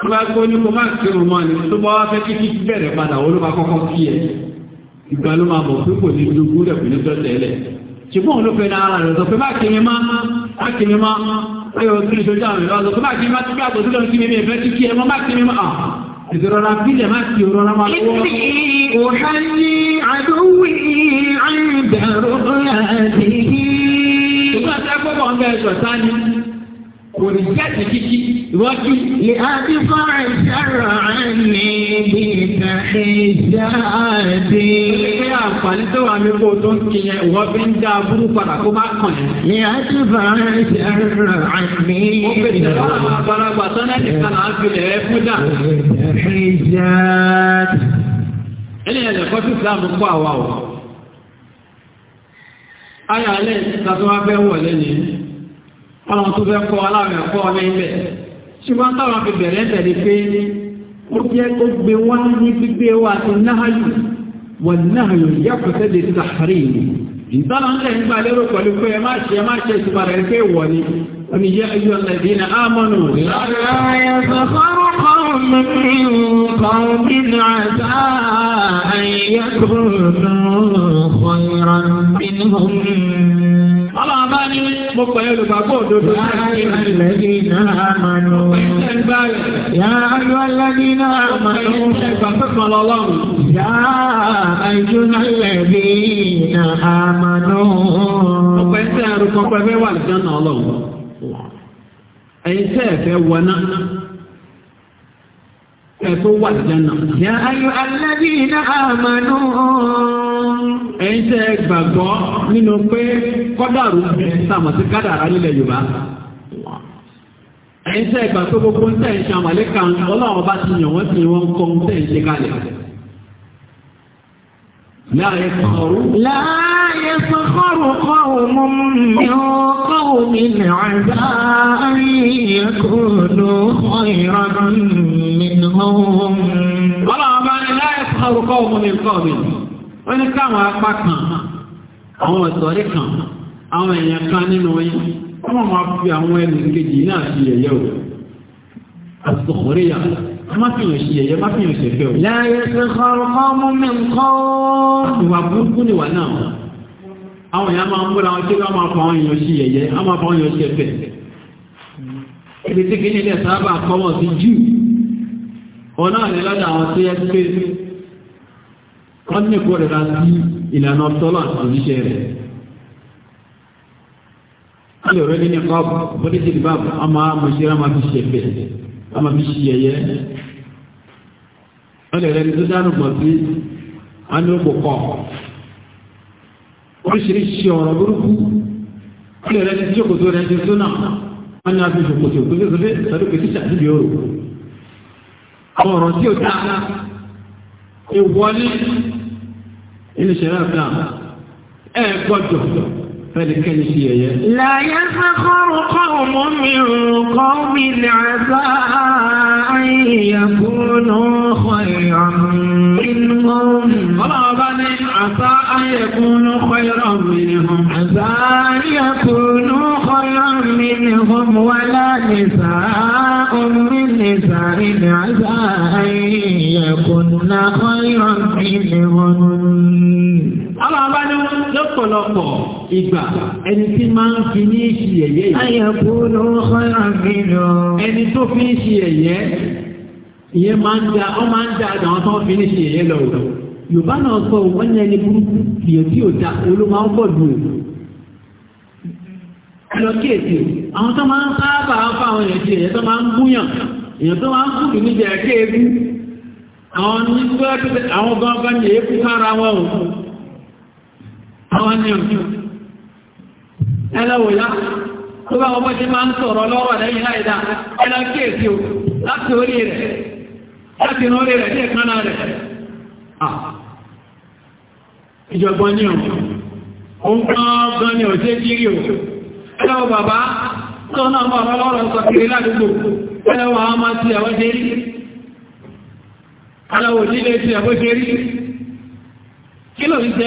kí wọ́n kó ní kó bá kí ni wọn ni tó bá wá fẹ́ kí kí bẹ̀rẹ̀ padà wọ́n ló bá kọ́kọ́ kí ẹ̀ ìgbà ló máa bọ̀ pé kò ní dúdú rẹ̀ kò ní tẹ́lẹ̀ ṣùgbọ́n òun ló rẹ̀ sọ pé bá kí ni ma pé o tún ìṣojú àwọn ìrọ̀ ọ̀dọ̀ máa kí máa tún máa kí mi máa ní àdúwì àìbẹ̀rù láti yí. òkú àti ń bẹ ẹ̀ṣọ̀ sáni kò ní jẹ́ ti kíkí. وقد قد شرع عني بتحجاتي ní kí ṣùgbọ́n táwọn fi bẹ̀rẹ̀ tẹ̀lé pé ó jẹ́ ó gbé wá ní gbígbé wa tó náhàyù wọ̀n náhàyù yàtọ̀ tẹ́lẹ̀ ti tàhárí ìlú ìtọ́nà ńlẹ̀ ń gbà lérò pẹ̀lú pé ẹ má ṣe ẹ má ṣe ìtumọ̀ rẹ̀ pé wọ̀ ni omi yẹ ẹyọ lẹ́bí ní ámọ́nù rẹ̀. Ọlọ́run bá ní mo pẹ̀lú olùgbàgbọ́ òdodo. Yá ayọ̀lẹ́dí náà mànú. Yá ayọ̀lẹ́dí náà mànú. Yá ayọ̀lẹ́dí náà mànú. Ọ̀pẹ̀ tẹ́ ẹrùkọ́ pẹ̀fẹ́ wà ní Jọ́nà Ọlọ́run. Ẹ̀yin tẹ́ ẹ̀fẹ́ wọná. Ẹ̀fẹ́ wà ní Jọ́nà ẹ̀yin tẹ́ gbàgbọ́ nínú pé kọ́dàrú sàmọ̀ sí kádàrá nílẹ̀ Yorùbá ẹ̀yin tẹ́ gbà tó gbogbo ń tẹ̀ ń ṣe àmàlẹ́kà ọlọ́run bá ti yàn wọ́n ti wọ́n kọ́ ń tẹ̀ ń ṣe kalẹ̀. لا يسخر لا يسخر قوم من قوم عسى أن يكونوا خيرا منهم. ولا لا يسخر قوم من قوم wọ́n ní káwọn apá kan àwọn ọ̀sọ̀rí kan àwọn èèyàn kan nínú yín wọ́n máa fi àwọn ẹni kejì náà sí ẹ̀yẹ́ o àsọ̀kọ̀rí yà má fi ẹ̀yẹ́ má fi hàn o. láyé ṣe kọ́rọ̀ kọ́ mi kọ́. ìwà burúkú ni wà náà àwọn èèyàn máa ń múra wọn tí wọ́n máa fa àwọn èèyàn sí ẹ̀yẹ́ wọ́n máa fa àwọn èèyàn sí jù ọ̀nà wọ́n ní kó rẹ̀ sí ìlànà tọ́lọ̀ àtúnṣe rẹ̀. a lè ndị ní kọ́ọ̀bù bọ́dẹ́jì ní báàbù a máa mọ̀ṣẹ́ra máa fi ṣe bẹ̀ a máa fi ṣe yẹyẹ. wọ́n lè rẹ́lẹ́ tó dánù pọ̀ sí anúgbò ndị oríṣiríṣi ọ̀rọ̀ anya wọ́n lè rẹ́lẹ́ tí ndị ndị إن شباب نعم. إيه أكوى الجهد فلك نشيئة لا يفخر قوم من قوم عسى أن يكونوا خيرا منهم قرابان عسى أن يكونوا خيرا منهم عسى أن يكونوا خيرا منهم ولا نساء من نساء عسى أن يكونوا خيرا منهم Àwọn abáni lọ́pọ̀lọpọ̀ ìgbà ẹni tí máa ń fi ní ìṣì ẹ̀yẹ yìí. Ayẹ̀kú ló kọ́ra mi lọ. Ẹni tó fi ń ṣe ẹ̀yẹ, ìyẹn máa ń da, ọ máa ń da àwọn tó fi ń ṣe ẹ̀yẹ lọ Yorùbá náà sọ wọ́n ní burúkú ìyẹn tí ò da olóma ń bọ̀ lù ú. Lọ kíyèsí, àwọn tó máa ń sábà ń fa àwọn ẹ̀yẹ ẹ̀yẹ tó máa ń gúnyàn, èèyàn tó máa ń kùdù níbi ẹ̀kẹ́ ewu. Àwọn ní àwọn ní òjú ẹlẹ́wòyá tó bá ọmọ ṣe máa ń sọ̀rọ̀ lọ́rọ̀ lẹ́yìn láìdá ẹlẹ́ kéèkì o láti orí rẹ̀ láti rán orí rẹ̀ ní ẹ̀kánná rẹ̀ ìjọgbọ́n ní òun òun gan ni òṣè jírí o ẹlẹ́wọ̀ bàbá tó náà mọ̀ ọlọ́rọ̀ sọ kiri ládùúgbò ẹlẹ́wọ̀ àwọn máa ti ẹ̀wọ́ ṣe rí ẹlẹ́wọ̀ òjílé ti ẹ̀wọ́ ṣe rí kí lòun ṣe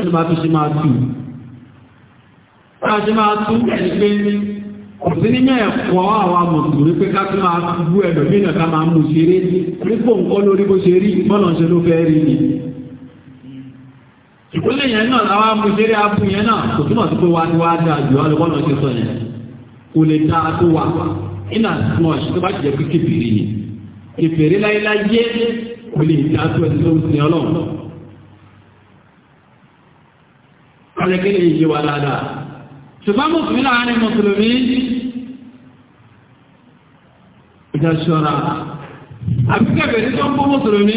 ẹni máa fi ṣe máa tù láti máa tú ẹni pé kò sí nínú ẹ̀kọ́ àwọn mùsùlùmí pé ká tún máa bú ẹlòmínà ká máa ni ìpínlẹ̀ yẹn náà láwá mú ṣeré abú yẹn náà kò túnmọ̀ sí pé wá ní wá dáa jù wá lọ bọ́nà ṣe sọ yẹn kò lè dá ni kékeré láyé láyé ọ̀rẹ́ kí lè yí wa dáadáa ṣùgbọ́n mùsùlùmí láàrin mùsùlùmí ìjà ṣọ́ra àbíkẹ́bẹ̀ ní tó ń bú mùsùlùmí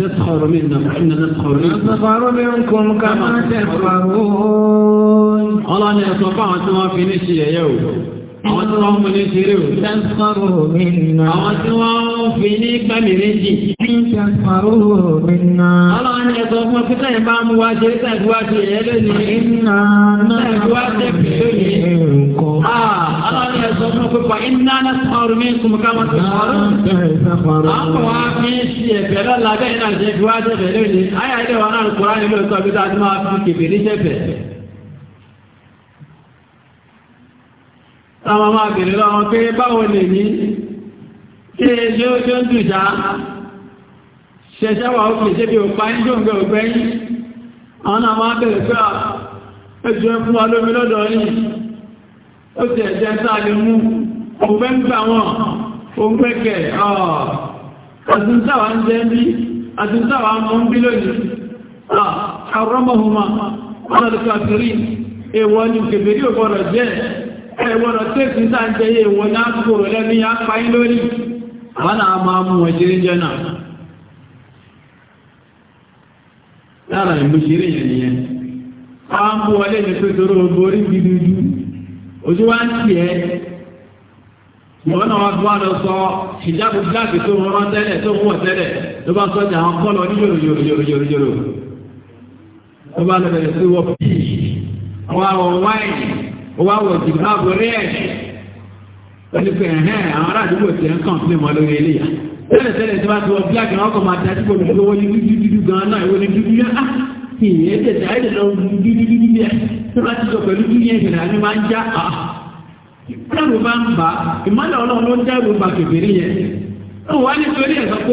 تسخر منا فإن نسخر نسخر منكم كما تسخرون الله أن يتوقع سوا في نشي يوم àwọn tí wọ́n mú ní ṣeré o. Tẹ́sán-fàrò mi nà. Àwọn tí wọ́n fi ní gbàmì méjì. Tẹ́sán-fàrò mi nà. Ọlọ́run ni ẹ̀sọ́ fún ọtí náà bá mú wa jẹ́ tàbí wá ṣe ẹ̀ lónìí. Iná náà tàbí wá ṣe fi lónìí. Ọlọ́run ni ẹ̀sọ́ fún pípa iná náà sọ̀rọ̀ mi kùn ká máa náà ṣe fi wá táwọn máa bèèrè lọ́wọ́ pé báwo lè ní ṣe yóò tó ń dùn já ṣẹṣẹ́ wà ó pè ṣe bí ó pa ń dùn bẹ́ẹ̀ gbẹ́yìn àwọn náà máa bèèrè pé ẹjọ́ fún wa lómi lọ́dọ̀ ní ó ti ẹ̀jẹ́ sáàlè mú òfẹ́ ń gbà wọn òun pẹ́kẹ̀ àtúntàwà ń jẹ́ bí ẹ̀wọ̀nà tí èsì ń sáà jẹyẹ ìwọ̀n ní àkókò lẹ́nu yá páyí lórí àwọn náà máa mú wọn jẹ́ náà lára ìlú ṣeré wọ́n mú wọlé ní tó ojú wá ń tì ẹ́ náà sọ ìjábù jáde tó rọrọ tẹ́lẹ̀ tó wọ̀ tẹ́lẹ̀ ló bá sọ jà ó wá wọ jìgbà borí ẹ̀ onífẹ́ ẹ̀hẹ́n àwọn ará àdúgbò tiẹ̀ ń kàn fún ìmọ̀ lórí eléyà tẹ́lẹ̀ tẹ́lẹ̀ tí wọ́n ti wọ bíláàkì wọn kọ̀ máa dájú pé olùdókòwò ní dúdú dúdú gan-an náà ìwé ní dúdú yẹn á ìyẹn tẹ̀sẹ̀ ayé lọ dúdú dúdú yẹn tí wọ́n ti sọ pẹ̀lú dúdú yẹn ìrìn àjò máa ń já a. Ah, dẹ́rù bá ń bà ìmọ̀lẹ̀ ọlọ́run ló ń dẹ́rù bà kèfèrí yẹn. wọ́n wá nítorí ẹ̀ sọ pé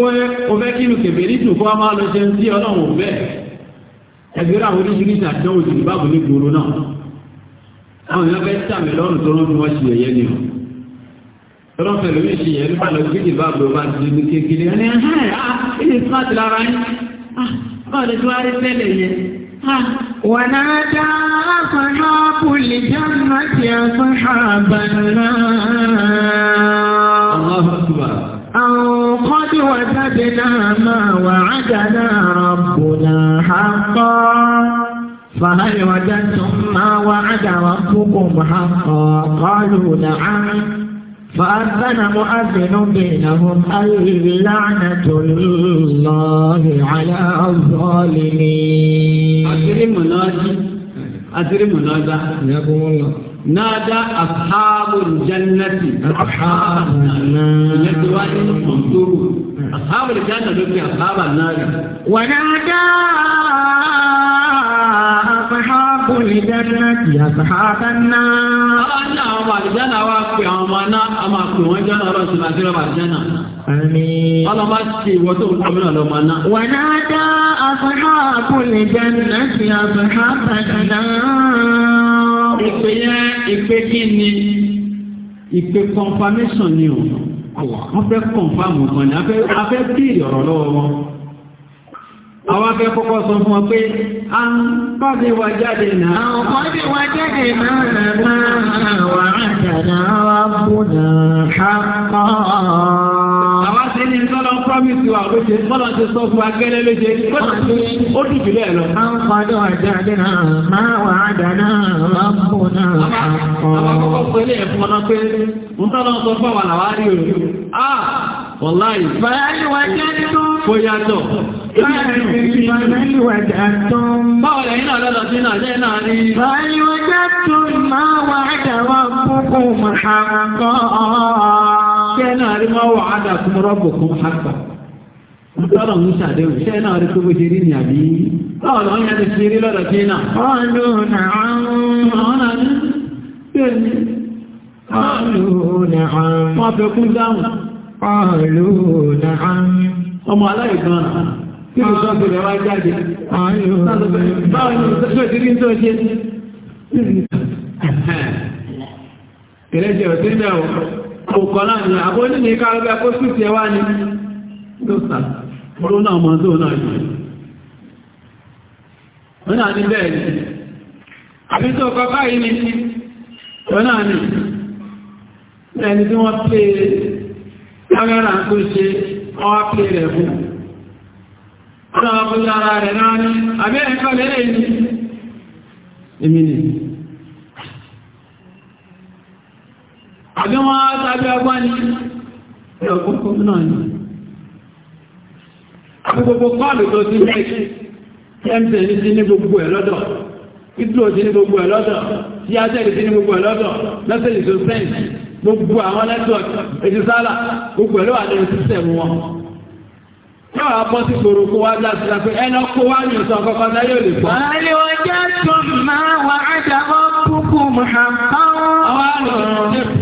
o fẹ́ kí inú kèfèrí dùn fún wa máa lọ ṣe ń sí ọlọ́run bẹ́ẹ̀ ẹgbẹ́rẹ́ àwọn oríṣiríṣi àdánwò àwọn èèyàn fẹ́ sàmì lọ́rùn tó rọ́n fún wọ́n ṣe ẹ̀yẹ́ ni ọ̀ tọ́rọ́n fẹ̀lú yìí ṣe ẹ̀rí pàlọ́ gidi bá bọ̀ bá ti ní kékeré ẹni ẹ̀hìn ah, ah, smart lára yín ọ̀dọ̀ tó wá rí tẹ́lẹ̀ yẹn. wọ́n á dá afọ́nà pùlì jọ́nà tí a fún àbá náà. àwọn kọ́dí wọ́n jáde náà máa wà á jà náà rọ̀ فهل وجدتم ما وعد ربكم حقا قالوا نعم فأذن مؤذن بينهم اللعنة الله على الظالمين أكرم ناجي أكرم الله نادى أصحاب الجنة أصحاب النار يدوان منظور أصحاب الجنة أصحاب النار ونادى asahabu lè jẹ́nà kì asahaba náà. aláàjì àwọn ọmọ àlìjánà wa pè àwọn ọmọ náà a máa pè wọ́n jẹ́nà ọlọ́run sí nàìjíríà àlìjánà. Àmín. ọlọ́mọ ti ìwọ tó ń kọ́mí ọlọ́mọ náà. wà náà dá asahabu lè jẹ́nà kì asahaba náà. ìpè yẹn ìpè kí ni ìpè confirmation ni o wọ́n fẹ́ confirm nǹkan ni a fẹ́ béèrè ọ̀rọ̀ lọ́wọ́ wọn àwọn afẹ́ kọ́kọ́ sọ fún ọ pé a ń pàdé wa jáde náà àwọn pàdé wa jáde náà wà á jàdá wà bú náà tọ́lọ promise wa kó ṣe tọ́lọ ti sọ fún akẹ́lẹ́ méje ó dùjú lẹ́ lọ. a ń kọjọ àjàdínà máa wà àdánà rọ́pùnà àkọ́. àwọn akọ́kọ́ pẹ̀lú ẹ̀fún ọ̀nà pé ń tọ́lọ sọ fún àwọn àwárí òru. a ah, wọ̀láyìí. bàálì wà jẹ́ nínú. kó yàtọ̀. bàálì wà jẹ́ tó. báwo lẹ́yìn náà lọ́dọ̀ sí náà kẹ́ náà rí máa wà á dà kún rọ́bù kún àgbà ntọ́lọ̀ ń ṣàdéhùn ṣẹ́ náà rí tó bó ṣe rí ní àbí báwo lọ́wọ́ yẹn ti ṣe rí lọ́dọ̀ sí náà. ọlọ́run àwọn náà ní bẹ́ẹ̀ ni wọ́n fẹ́ kún dáhùn. ọmọ aláìgbọ́n kí ló sọ pé lọ́wọ́ jáde. báwo ni ìṣòro ti rí tó ṣe. kẹlẹ́jẹ̀ ọ̀sẹ̀ náà òkọ̀ náà ni àbó nínú ìka ọgbẹ́ kó sí ti ẹwà ni lóòsà ọ̀rọ̀ náà mọ̀ tó náà jù ni àbí tó báyìí ni ẹni tí wọ́n pè tó ṣe ọwá pè àbí wọ́n á tàbí ọgbọ́n ni ọgbọ́kọ́ náà ni àbí gbogbo kọ́ọ̀lù tó ti jẹ́ ẹ̀mṣẹ̀ ní sí ní gbogbo ẹ̀ lọ́dọ̀ ìdúró sí ní gbogbo ẹ̀ lọ́dọ̀ tí a tẹ́lì sí ní gbogbo ẹ̀ lọ́dọ̀ lọ́sẹ̀lì tó sẹ́ǹsì gbogbo àwọn lẹ́tọ̀ọ̀tì ètò sálà gbogbo ẹ̀lọ́wà lẹ́nu sísẹ̀mù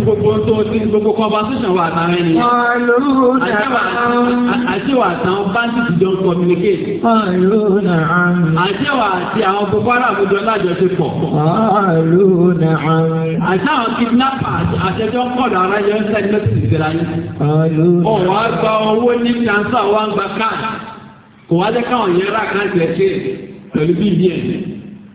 gbogbo tó ti gbogbo conversation wà táwọn ẹni. àṣewà àtàwọn bandit jọ ń communicate. àṣewà àti àwọn boko haram jọ lájọṣepọ̀. àṣàwọn kidnappers àṣẹjọ́ kọ̀dọ̀ ara yẹn ń sẹ́ni lọ́sí ìgbéra yín. ọ̀wọ́ á gba owó ní transfer wa ń gba káàdì. kò wá jẹ́ káwọn yẹn rà káàdì ẹ̀ ṣe pẹ̀lú bíi bíi ẹ̀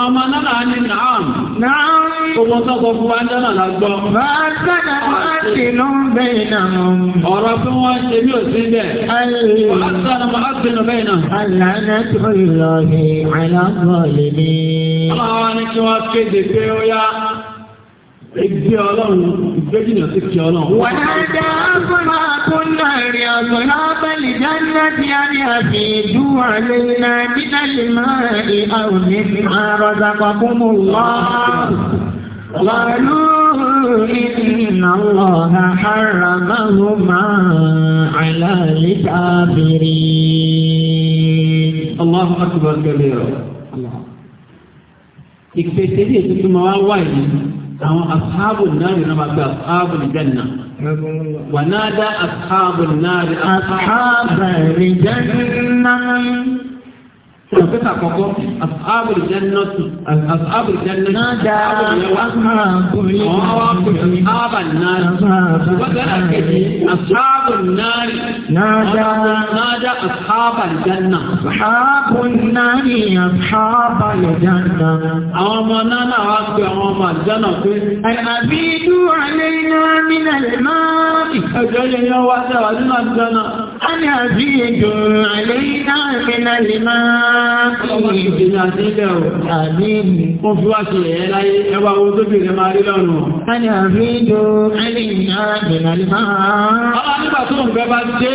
Àwọn ọmọ náà ní Nàám. Nàám. Gbogbo sọ́kọ̀ fún wa jẹ́ náà lágbọ́. Máa sọ́dọ̀ máa sì ló ń bẹ̀ ìnàmú. Ọ̀rọ̀ fún wọn ṣe mí ò sí bẹ̀. Máa sọ́dọ̀ máa sì ló bẹ̀ ìnàmú. Àlànà tó lọ النار أصحاب الجنة أن أفيدوا علينا من الماء أو مما رزقكم الله قالوا إن الله حرمهما على الكافرين الله أكبر كبيرا الله إكتشفت ثم وعيد أصحاب النار نبع أصحاب الجنة ونادى أصحاب النار أصحاب الجنة أصحاب الجنة نادى أصحاب النار أصحاب الجنة أصحاب الجنة أصحاب الجنة أبيد علينا من الماء أجل يا واحد Àní àbí èdò àlẹ́ iná ìpínlẹ̀ àlèmá. Ọlọ́run ìdènà àtẹ́lẹ̀ ò. Àbí mi. Ó fi wá ṣe ẹ̀ẹ́ láyé ẹwà owó tó bèèrè máa rí lọ́nà. Àní àbí èdò àlẹ́ iná ìpínlẹ̀ àlèmá. Ọlọ́run nígbà tó ń fẹ́ bá dé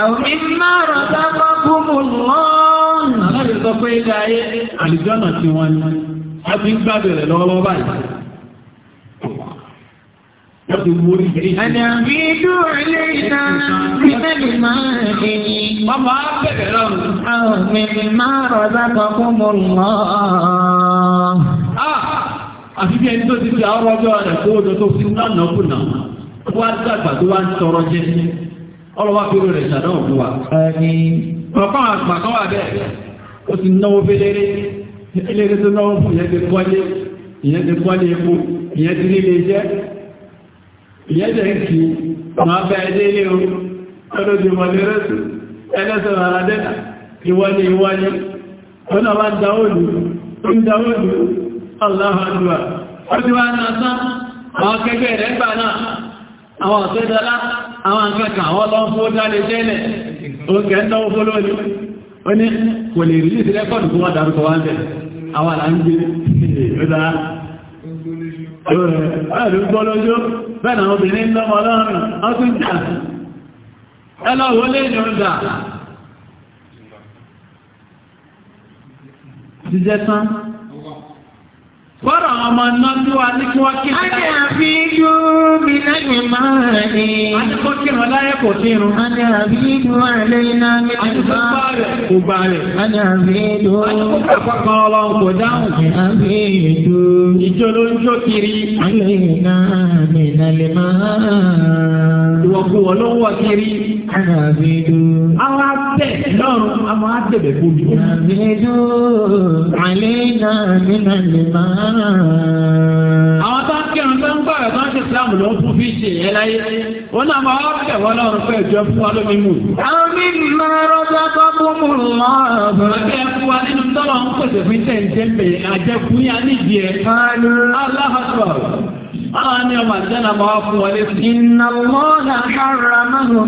Àwọn mímọ́ rọ̀tá kọ́kúmù lọ́n. Àlọ́bẹ̀ sọ pé ilé ayé àlìjọ́nà tí wọ́n ní. A ti ń gbàbẹ̀rẹ̀ lọ́wọ́lọ́wọ́ báyìí. Wọ́n ti wú orí ìgbẹ́. Àdà mi dùn lé iná mímẹ́lì máa ń rí. Wọ́n máa ń bẹ̀rẹ̀ lọ́rùn. Àwọn mímọ́ rọ̀tá kọ́kúmù lọ́n. Àfi bí ẹni tó ti fi àwọn ọjọ́ rẹ̀ kó o jọ tó fi ọlọ́wà pẹ̀lú rẹ̀ ṣàdánwò fún wa. ọ̀pá àgbà kan wà bẹ́ẹ̀ ó ti náwó fẹ́lẹ́rẹ́ eléré tó náwó fún ìyẹn ti kọ́lé ìyẹn ti kọ́lé epo ìyẹn ti nílé iṣẹ́ ìyẹn jẹ́ ń kí máa bẹ́ ẹdé ilé o ọdún ti wọlé rẹ́sù ẹlẹ́sẹ̀ rárá dẹ́nà ìwọlé ìwọlé ó náà wá dáwòlù ó ń dáwòlù aláhàdùà ó ti wá náà àwọn akẹ́kàn àwọn lọ fún ó dáre jẹ́lẹ̀ oúnjẹ ń lọ́wọ́ fólóòlù ó ní kò lè rí ìsì rẹ́kọ̀dù fún wọ́n dárúkọ wá àwọn àlàáńgbé ìrẹ́dá Fọ́rọ̀ àwọn ọmọ iná tí wà ní kí wọ́n kí ní láyé. Adé àfi ìlú mi lẹ́yìn máa ní. Adékọ́ kírun láyé kò kírun. Adé àfi ìlú àlẹ́ iná mi lẹ́yìn máa. Adékọ́ gbà rẹ̀ kò gbà rẹ̀. Adé àfi ìlú. Adékọ́ kàkọ́ kan ọlọ́run kò dáhùn. Adé àfi ìlú. Ìjọ ló ń jó kiri. Alẹ́ iná mi lẹ́yìn máa. Ìwọ̀kuwọ̀ ló ń wọ̀ kiri. Adé àfi ìlú. Àwọn àtẹ̀ lọ́rùn, àwọn àtẹ̀bẹ̀ kò jù. Adé àfi ìlú àwọn tó ń kírun tó ń gbọ́rọ̀ tó ń ṣe islam ló fún fi ṣe ẹ̀ láyé náà máa wọ́n kẹwọ́ lọ́rùn fún ẹ̀jọ́ fún wa lómi mú. àwọn mímu máa kọ́ fún mu lọ́rùn. ọ̀kẹ́ fún wa nínú tọ́lọ̀ ń pèsè fún tẹ̀ǹtẹ̀ mẹ́ àjẹkùn yá nídìí ẹ̀. Àwọn ni ọmọ àjẹ́nà máa fún wọlé sí. Iná Ọmọ máa sọ fún ọ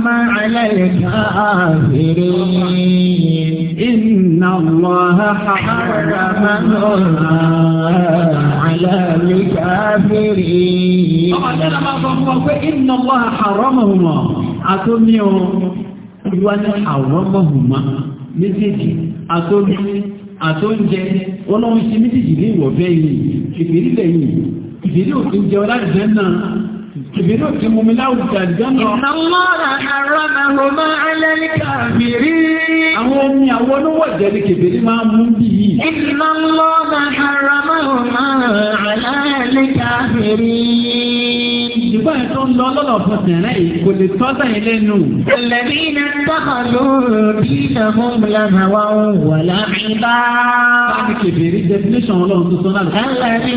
ìwá ní àwọn méjèèjì àtọ́mí àtọ́jẹ ọlọ́run ṣe méjèèjì ní ìwọ̀fẹ́ ìdílé òkè jẹ́ ọlájẹ́ náà ìdílé òkè mú mi láwùjẹ́ àjẹ́ náà ìnàmọ́ra àrámàrọ̀má alẹ́lẹ́kà mìírí àwọn omi àwọn oníwọ̀jẹ́ ìdìbò yẹn tó ń lọ lọ́lọ́ fún tẹ̀rẹ́ yìí kò lè tọ́ sẹ́yìn lẹ́nu. ẹlẹ́bí iná tọ́kọ̀ lóòrò bí ìṣẹ̀fún lànà wa ń wà láàbí bá. láti kèbèrè definition ọlọ́run tuntun náà. ẹlẹ́bí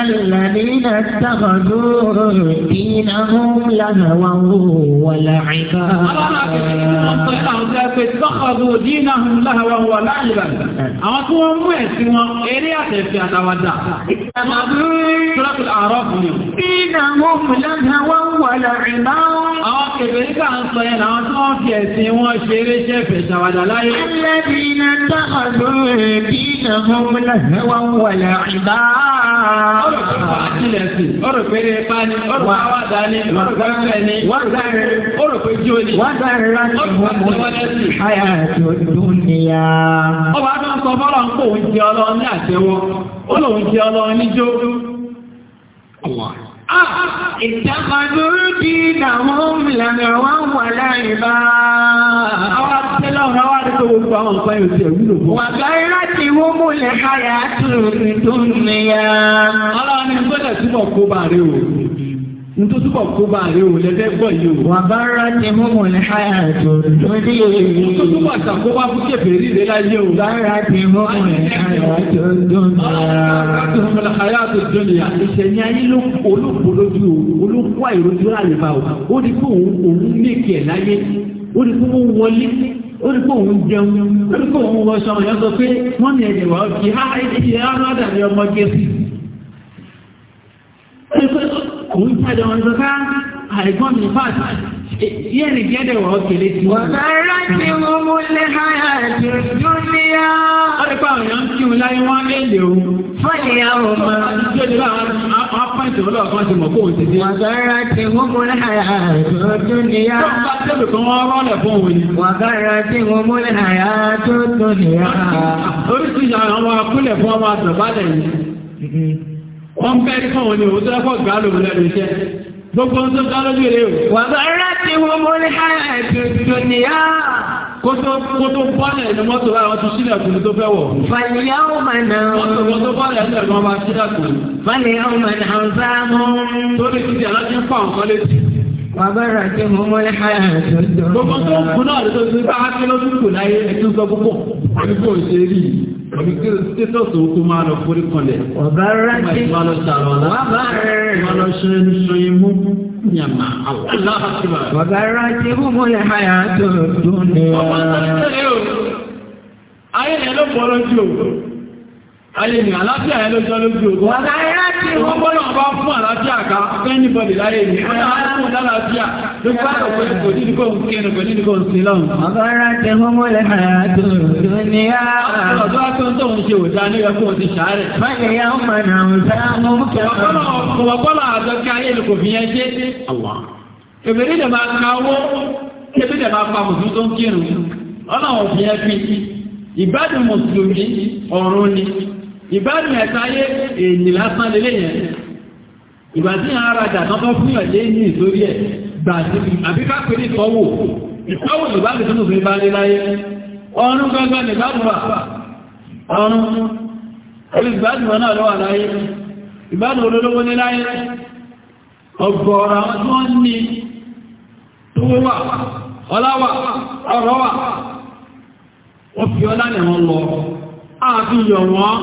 ẹlẹ́bí iná tọ́kọ̀ lóòrò bí ìṣẹ̀fún lànà wa ń àwọn tí wọ́n mú ẹ̀sìn wọn eré àtẹ̀fẹ̀ àtàwádà. ìṣẹ̀fún لهوا ولعبا àwọn kèfèé nígbà ń sọ yẹn àwọn tí wọ́n fi ẹ̀sìn wọn ṣeré ṣẹ̀fẹ̀ ṣàwàdà láyé. الذين اتخذوا دينهم لهوا ولعبا. ọ̀rọ̀ pé wọ́n á tilẹ̀ sí ọ̀rọ̀ pé rẹ̀ pa ni ọ̀rọ̀ pé wọ́n dá ní ọ̀rọ̀ pé rẹ̀ ní ọ̀rọ̀ pé jó ní. wọ́n dá rẹ̀ láti wọ́n mú ayé àti òdúnìyà. ọba tó ń sọ fọ́lọ́ ń kó òun jẹ ọlọ́run ní àtẹ́wọ́ ó lóun jẹ ọlọ́run níjó. Ìtàkàdúró di ìdàwọn ìlànà wọn wà láyé bá. Àwọn akẹ́lẹ́ ọ̀rọ̀ wà ní gbogbo àwọn nǹkan yóò tẹ̀ wúlò fún. Wà báyìí láti wó múlẹ̀ káyà tó rìn tó nìyà. Ọlọ́run ní gbọ́dọ̀ túbọ̀ kó bàárẹ̀ o nítorí túbọ̀ kó bá rẹ o lẹ́fẹ́ gbọ́ yìí o. wà á bá rà ní mímú ní àyàtò lórí èyí. nítorí túbọ̀ ṣàkóbá fún kẹfẹ́rí rẹ láyé o. bá rà ní mímú ní àyàtò dúnìyà. àyàtò dúnìyà. ìṣẹ̀yìn ayé ló olóko lójú o olóko àìrójú láàlè bá o. ó ní kó òun òun mékè láyé ó ní kó òun wọlé orí kò ń jẹun orí kò ń wọṣọ ọ̀yọ́ sọ pé wọ́n ní ẹ̀dẹ̀wà ọ̀kì ha ẹ̀dẹ̀ ọ̀rọ̀ àdàbí ọmọ gẹ̀ẹ́sì òun padà wọn sọ ká àìgbọ́n mi fà yẹ́ ni gẹ́dẹ̀ wọ́ kéré tí wọ́n. ọ̀sára ti mú mú lé háyà ìdúró ní yá. wọ́n ti pa àwọn èèyàn kí wọn lé lè o. fọ́ọ̀lì àwọn ọmọ. ṣé ìdílé àwọn apáǹtì wọn lọ́ọ̀kan ti mọ̀ kó o ti dé. ọ̀sára ti mú mú lé háyà ìdúró ní yá. wọ́n bá tẹ̀lé kan wọ́n rọ́ọ̀lẹ̀ fún òun ni. ọ̀sára ti mú mú lé háyà ìdúró ní yá wọ́n bẹ́ẹ̀ káwọn ni òun tó lọ́kọ̀ gbà lóun lẹ́nu iṣẹ́ gbogbo ohun tó gbà rẹ̀ o. wà á bá rántí wọn ní àìdùdù nìyá. kótó kótó bọ́ọ̀lù ẹ̀dùn mọ́tò rẹ̀ wọ́n ti tó fẹ́ wọ̀. fàlìyà ó bá sílẹ̀ kùn. fàlìyà ó mà nà ọ̀sá mọ́. torí ti Omi kí o ṣe tọ́sí oko máa lọ forí kanlẹ̀. Ọ̀gá rájí. Máa lọ sàrọ̀ ọ̀la. Wà bá rẹ̀. Máa lọ ṣe ṣe imú yàmà àwọn. Ọ̀gá rájí mímú lè máa yà á tó dùn ní. Ọmọ sọ́ni tẹ̀lé o, ayé ni ẹ ló bọ́ lójú o ayé àlàáfíà yẹn lójọ́ lójú ogun wọ́n gbọ́nà ọba fún àlàáfíà ká anybody láyé ní ọjọ́ àwọn àlàáfíà ló gbá ọ̀pọ̀ kò ní ìdíkò ń kí ẹnu kò ní ìdíkò ń sí lọ́run. tẹ wọ́n mọ́lẹ̀ máa tó ní á. ọ̀dọ́ tó ń tóun ṣe òjá ní ẹkún ti ṣàárẹ̀. báyìí ya ń mọ̀ náà ń sá mú ìbádùn ẹ̀ta ayé èyí lásán lélẹ̀ yẹn ìgbà tí a ara jà tọ́tọ́ fún ẹ̀lẹ́ ní ìsórí ẹ̀ gbà sí àbí ká pè ní ìtọ́wò ìtọ́wò ìbádùn tó nùfẹ́ bá lé láyé ọrún gangan ìbádùn wà ọrún olùgbádùn wọn náà lọ́wọ́ láyé ìbádùn olólówó ní láyé ọgọ́rọ̀ àwọn tí wọ́n ní tó wà ọláwà ọ̀rọ̀ wà fi ọlá nìwọ̀n lọ ààfihàn wọn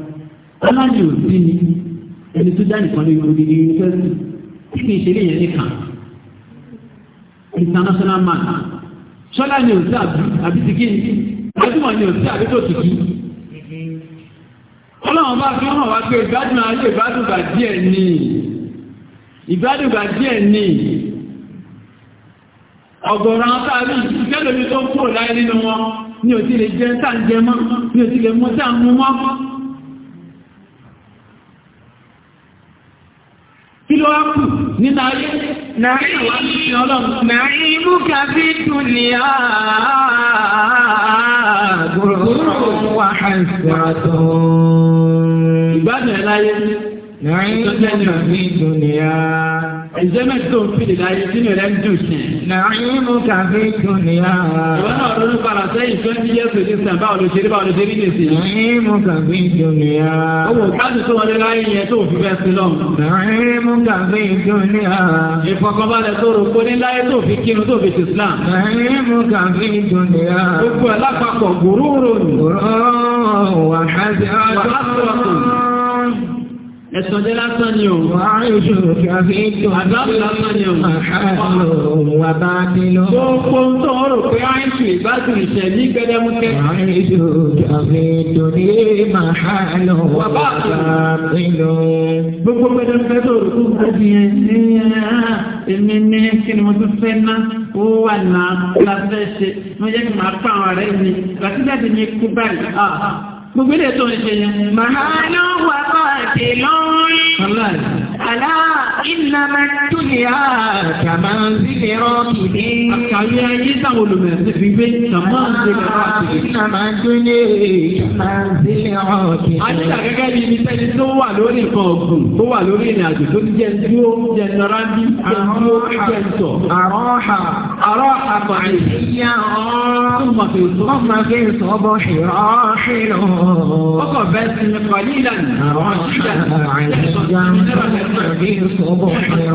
aláàjì ò sí ni ẹni tó jáde kan ní odidi yunifásitì tí kì í ṣe léyìn nìkan international man ṣọlá ni ò sí àbítìkí gbajúmọ̀ ni ò sí àbítòtìkí ọlọ́run bá fi hàn wá pé ìgbádùn ayé ìgbádùn gbà díẹ̀ ni ìgbádùn gbà díẹ̀ ni ọ̀gọ̀rọ̀ àwọn káàrí ìṣẹ́lẹ̀ omi tó ń kúrò láyé nínú wọn ni ò ti lè jẹ́ tá ń jẹ mọ́ ni ò ti lè mú tá ń mú mọ́ kí ló wá kù nínú ayé nàárín àwọn àmìsìn ọlọ́run. nàárín imú kàbí tún ní àgbòrò wà hàìsàtò. ìgbádùn ẹ̀ láyé. nàárín imú kàbí tún ní àgbòrò. Ìjẹ́mẹ̀ tó ń fi ìdáyé sínú rẹ̀ ń dùn sí. Nàìjíríà kàfé dùn ní àárá. Ìwọ́n náà ronú padà sẹ́yìn tó ń bí Yẹ́sù ní sàn báwo ló ṣe rí báwo ló ṣe rí nìsín. Nàìjíríà kàfé dùn ní àárá. Owó gbádùn tó wọlé láyé yẹn tó fi fẹ́ sí lọ́wọ́. Nàìjíríà kàfé dùn ní àárá. Ìfọ̀kànbalẹ̀ tó rò kó ní láyé tó fi kírun tó fi ti Islam. Nàìjíríà kàfé dùn ní àárá. Gbogbo ẹ̀ lápapọ̀ gbòòrò Ẹ̀sọ̀dé lásán ni òun. Àárín oṣù kàfí tó àdáwò lásán ni òun. Àhàlò wà bá dé Gbogbo ń tọ́ ọ̀rọ̀ pé àìsùn ìgbádùn ìṣẹ̀ ní gbẹdẹmúkẹ́. ní màhàlò wà bá dé lọ. Gbogbo gbẹdẹmúkẹ́ tó tó ní èmi ní kí ni mo tún fẹ́ ná. Ó wà náà láfẹ́ ṣe. Mo yẹ kí màá pa àwọn ọ̀rẹ́ mi. Bàtíjáde gbogbo ilé tó ń ṣe yẹn. màá ló wà kọ́ àti lọ́rùn. Àlá ìnàmà dúnìá kàmá sílẹ̀ rọ́ọ̀kì dé. Àkàrí ayé táwọn olùmẹ̀sẹ̀ fi gbé kàmá sílẹ̀ rọ́ọ̀kì dé. Ìnàmà dúnìá kàmá sílẹ̀ rọ́ọ̀kì dé. Àṣìṣà gẹ́gẹ́ bí ibi tẹ́ni tó wà lórí nǹkan ọ̀gbìn tó wà lórí ìrìn àjò tó ti jẹ́ dúró jẹ́ nọ́rá bí jẹ́ dúró jẹ́ sọ. Àrọ́ọ̀hà. Àrọ́ọ̀hà bàrẹ̀. àbí ìṣòwò ọ̀rọ̀ bí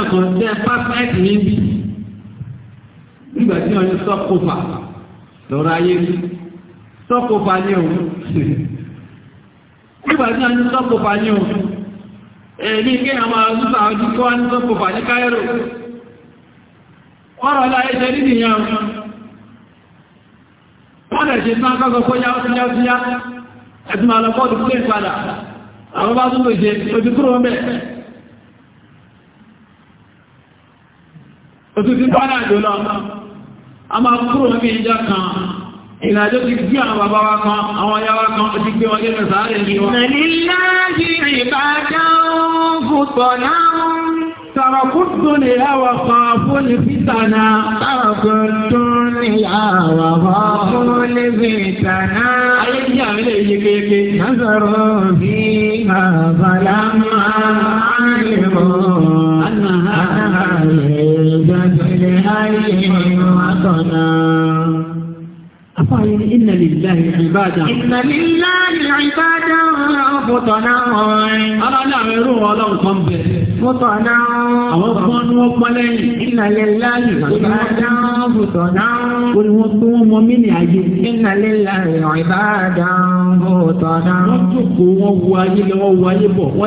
ọkọ̀ jẹ́ yín bí nígbà tí wọ́n ní lọ́rọ̀ ayé bí sọ́kòfà ní òun nígbà tí wọ́n ní ní òun èyí kí àwọn àrùsà ọdún kọ́ ní sọ́kòfà ní káírò ọ̀rọ̀ láyé jẹ́ wọ́n lẹ̀ àwọn bá tún lò jẹ ojú kúrò ń bẹ̀ ojú ti bá náà jò lọ a máa kúrò ń bí ìjọ kan ìrìnàjò ti gbé àwọn bàbá wa kan àwọn ọ̀yá kan ti gbé wọn jẹ́ sàárè ní wọn. ni ẹwà kan àwàwọ́. Kúlé bí tàná. Ayé ní àwọn ilé yìí kéèké. Nàzọ̀rọ̀ bí bàbá máa ń lò. Àná àlè gbàgbélé ayé wa kọ̀nà. Afáyé ní ìnàlélá ìbádà. Ìnàlélá ìbádà mọ̀tọ̀nà ọ̀rin. Aláàlá àwọn ẹrú ọlọ́run kan bẹ̀. Mọ̀tọ̀nà ọ̀rin. Àwọn kan ní wọ́n pọ́n lẹ́yìn. Ìnàlẹ̀ láàyè. Ìbàdàn mọ̀tọ̀nà ọ̀rin. Orí wọn tó wọ́n mọ mínì ayé. Ìnàlẹ̀ láàyè Ìbàdàn mọ̀tọ̀nà ọ̀rin. Wọ́n jókòó wọn wo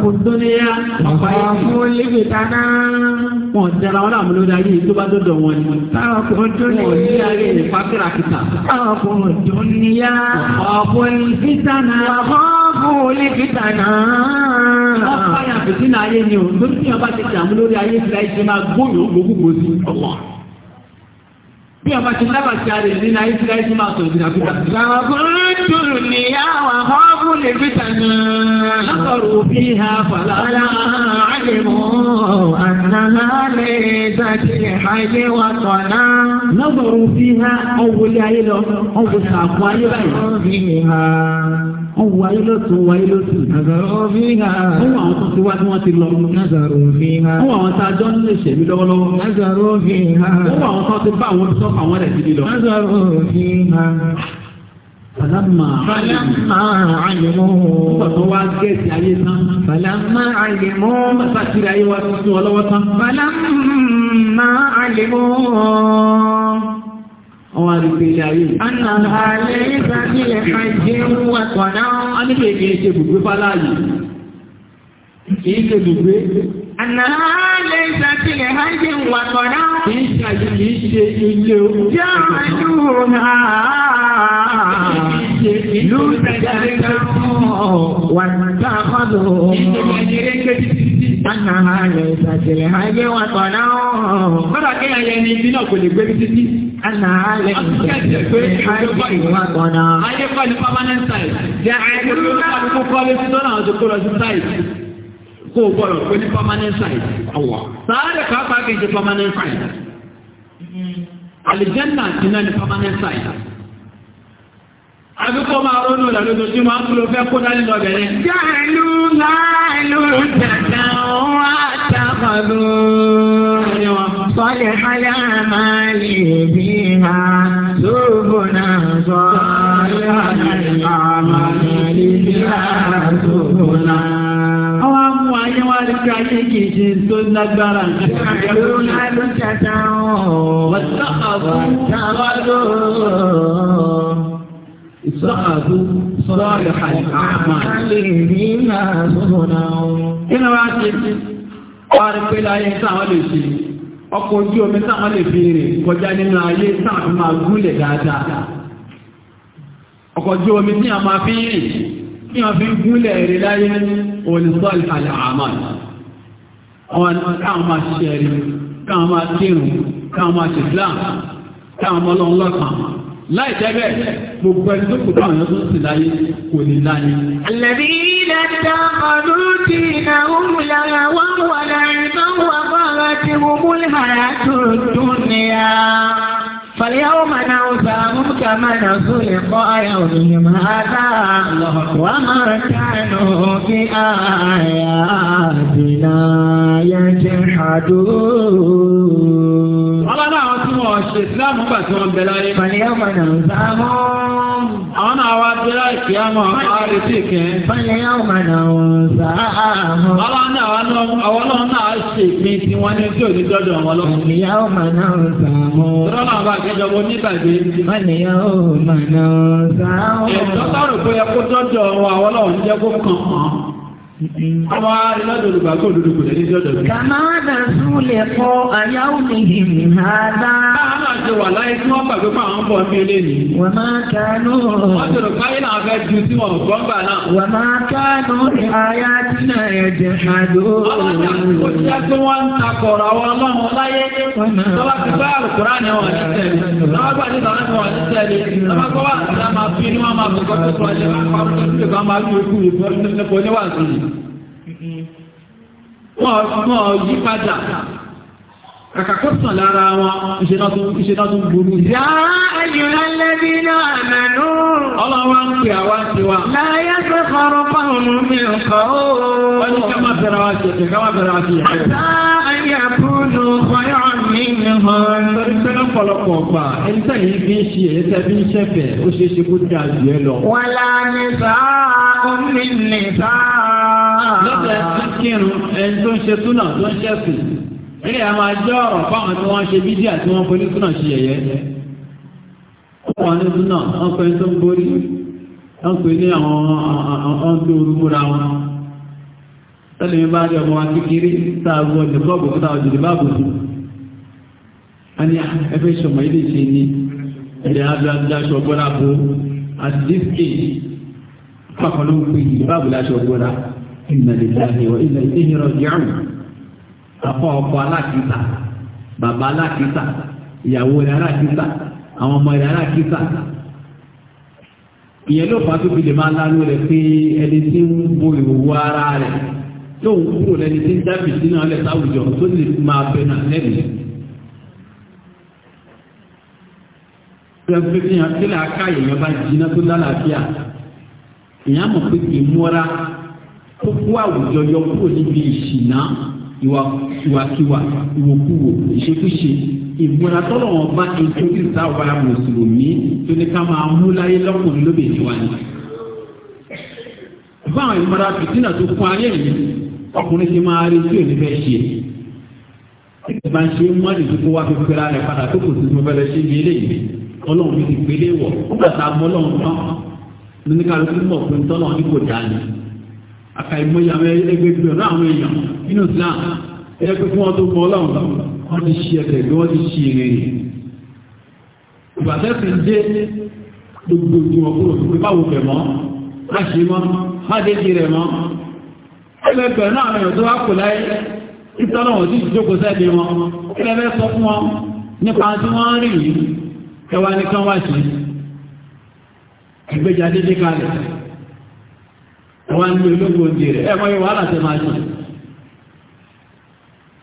kò dúníyà ọ̀pọ̀ olùgbètaná. wọn jẹra wọn làmúlò darí tó bá dọdọ wọn ni. táwọn kò dúníyà wọn ní ayé nípa kìràkìtà. táwọn kò dúníyà ọ̀pọ̀ olùgbètaná. ọ̀pọ̀ olùgbètaná. ọ̀pọ̀ yàtọ̀ sínú ayé ni o lórí tí wọn bá bí ọba ti dábà ti àrè ní náà ìsirá ìsirá máa sọ ìdìrà kúta. Bàbáwọ́n dùn ní àwọn ọ̀bù lè fi tànà. Lọ́kọ̀rọ̀ òfin ha fàlà. Fàlà àlèmọ́ ànàlá lè dàtí àyè wa tọ̀nà. Lọ́kọ̀rọ̀ òfin ha ọ̀wọ́lé ayé lọ, ọ̀wọ́ sàkó ayé báyìí wọ́n wáyé lọ́tún wáyé lọ́tún. Nàzàrò fi hàn. Wọ́n wà àwọn tó ti wá tí wọ́n ti lọ. Nàzàrò fi hàn. Wọ́n wà àwọn tá a jọ ń lè lọ́wọ́lọ́wọ́. Nàzàrò fi hàn. Wọ́n àwọn tó ti bá àwọn sọ́kà wọn rẹ̀ síbi lọ. Nàzàrò fi hàn. Fàlámà. Fàlámà àyẹ̀mọ́. Bàbá wa gẹ̀ẹ́sì ayé tán. Fàlámà àyẹ̀mọ́. Bàbá kiri ayé wa tuntun ọlọ́wọ́ tán. Fàlámà àyẹ̀mọ́ wọ́n wá rí pé ilé ayé yìí. Ọ̀nà àlẹ́ ìgbà ní ẹ̀ka ìjẹun wà kọ̀nà. A ní pé kìí ṣe bùgbé fáláàyè. Kìí ṣe bùgbé. Ọ̀nà àlẹ́ ìgbà ní ẹ̀ka ìjẹun wà kọ̀nà. Kìí ṣe àyè kìí ṣe ilé o. Yá àjú náà. Ìlú ìtajà wà nígbà kọ́dọ̀. Ọ̀nà àlẹ́ ìgbà ní ẹ̀ka ìjẹun wà kọ̀nà. Bọ́dà kí أنا عليك حيواننا ayé kọ́ ni permanent site. jẹ́ ayé kọ́ kọ́ lé sí tọ́nà àti kó lọ sí site. kó o gbọ́dọ̀ pé ní permanent site. sáré pàápàá kì í ṣe permanent site. àlìjẹ́nà ti náà ní permanent site. àbí kó máa ronú rẹ̀ lójoojúmọ́ á kúlò fẹ́ kó dání lọ bẹ̀rẹ̀. jẹ́ ìlú náà ìlú ìjàdá wà á tàbàdùn. صلح الأعمال فيها سبنا صالح الأعمال فيها سبنا ayé wá rí ká yé kì í ṣe tó lágbára nǹkan. Ìlú alójàdá ọ̀. Wàtàkàdó. Ìsọ́kàdó sọ́ọ̀lù àmà. Ìlú wa ti ti. Wọ́n rí pé láyé sáwọn lè ṣe ọkọ̀ ojú omi táwọn lè fi rìn kọjá nínú ayé táwọn fi máa gúnlẹ̀ dáadáa ọkọ̀ ojú omi tí a máa fi rìn tí wọ́n fi gúnlẹ̀ èrè láyé olùsọ́ ìfàlẹ̀ àmà káwọn máa ṣiṣẹ́ rí káwọn máa kírun káwọn máa ṣe Islam káwọn máa lọ lọ́kàn láì jẹ́bẹ̀ gbogbo ẹni tó kù káwọn yóò tún sì láyé kò ní láyé. àlẹ́bí ilẹ̀ dá ọdún tí ìnáwó làwọn wà láyé náà wà ti humul hayatud dunya. فاليوم نعزاهم كما نزل يومهم هذا وما كانوا بآياتنا يجحدون Ọlọ́nà àwọn tí wọ́n ṣe ìsìláàmù gbà tí wọ́n bẹ̀rẹ̀ ayé. Fàníyà ọmọdé ọ̀sáàmù. Àwọn náà wá bí láì kí á mọ̀ ààrẹ sí ìkẹ́. Fàníyà ọmọdé ọ̀sáàmù. Ọlọ́nà àwọn náà ṣe ìpín tí wọ́n ní tí ò ní dọ́dọ̀ wọn lọ. Fàníyà ọmọdé ọ̀sáàmù. Tọ́lá àbá àkẹ́jọba oníbàdé. Fàníyà ọmọdé ọ̀sáàmù. Àwọn arìnlọ́dọ̀ olùgbàgbọ́ òdodo kò lẹ́ni ìjọ́dọ̀ bí. Kàmá dàsú lè kọ́ àyà òní ìhìn àdá. Káàmà ti wà láyé tí wọ́n gbàgbé fún àwọn ọmọ mi lé ní. Wọ́n máa kánú. Wọ́n ti rò káyé náà fẹ́ ju tí wọ́n gbọ́n gbà náà. Wọ́n máa kánú ní àyà náà ẹ̀jẹ̀ àdó. wọ́n tó sọ wọ́n yí padà kàkàkọ́ sàn lára wọn ìṣẹ́dá tó burú. yá ayọ̀lá lẹ́bí náà mẹ́nu. ọlọ́wọ́ ń pè àwa ti wa. láyé fẹ́ fọ́rọ́ fáwọn mi kọ́ ó. wọ́n ní ká má bẹ̀rẹ̀ wá sí ẹ̀kẹ́ ká má bẹ̀rẹ̀ wá sí ẹ̀kẹ́. àtà ayàkúndù kọ́yọ̀ Ilé a máa jẹ́ ọ̀rọ̀ fáwọn tí wọ́n ṣe bídíà tí wọ́n forí súnà ṣe yẹ̀yẹ́. Wọ́n ní súnà, wọ́n pẹ́ tó ń borí, wọ́n pè ní àwọn ọ̀n tó rúmúra wọn. Tẹ́lẹ̀ mi bá rí ọmọ wa kékeré táàbù ọ̀dẹ̀ bọ́ọ̀bù kọ́ta ọ̀dẹ̀ báàbù sí. A ní ẹfẹ́ ṣọmọ ilé ṣe afọ ọkọ alákìíta bàbá alákìíta ìyàwó rẹ̀ alákìíta àwọn ọmọ rẹ̀ alákìíta ìyẹn ló fà á tó fi lè máa lálú rẹ̀ pé ẹni tí ń bo ìwòwò ara rẹ̀ tó ń kúrò lẹ́ni tí ń dábì sínú alẹ́ sáwùjọ tó lè máa bẹ náà lẹ́nu. Ìjọba fi hàn sílẹ̀ aká èèyàn bá jiná tó lálàáfíà. Ìyá mọ̀ pé kì í múra tó kó àwùjọ yọ kúrò níbi ìṣìná ìwàkiwà ìwòkuwò ìṣekúṣe ìmúra tọ́lọ̀ wọn bá nítorí ìsáwọ́ bá mùsùlùmí tó ní ká máa mú láyé lọ́kùnrin lóbìnrin wa ni. báwọn ìmúra fìtínà tó kún ayé yìí ọkùnrin ti máa rí tí ò ní fẹ́ ṣe. ìgbà ṣe ń mọ́ nìtú kó wá fi pera rẹ̀ padà tó kò sí fún ṣe ní eléyìí ọlọ́run mi ti gbélé wọ̀ nígbà tá a mọ́ ọlọ́run tán ní àkàìmọye àwọn ẹgbẹgbẹ náà àwọn èèyàn nínú Islam ẹgbẹ fún wọn tó mọ Ọlọ́run wọn ti ṣe ẹsẹ gbé wọn ti ṣe ìrìn ìgbàsẹ ti dé gbogbo ìgbìmọ̀ kúrò pé báwo bẹ mọ má ṣe mọ má dé di rẹ mọ ẹgbẹgbẹ náà àwọn èèyàn tó wá kò láyé ìtọ́nà wọn ti jókòó sẹ́bi wọn ẹgbẹ́ sọ fún wọn nípa tí wọ́n rí wọ́n ní ológun òjì rẹ̀ ẹ̀mọ́ ọ na láti máa ṣe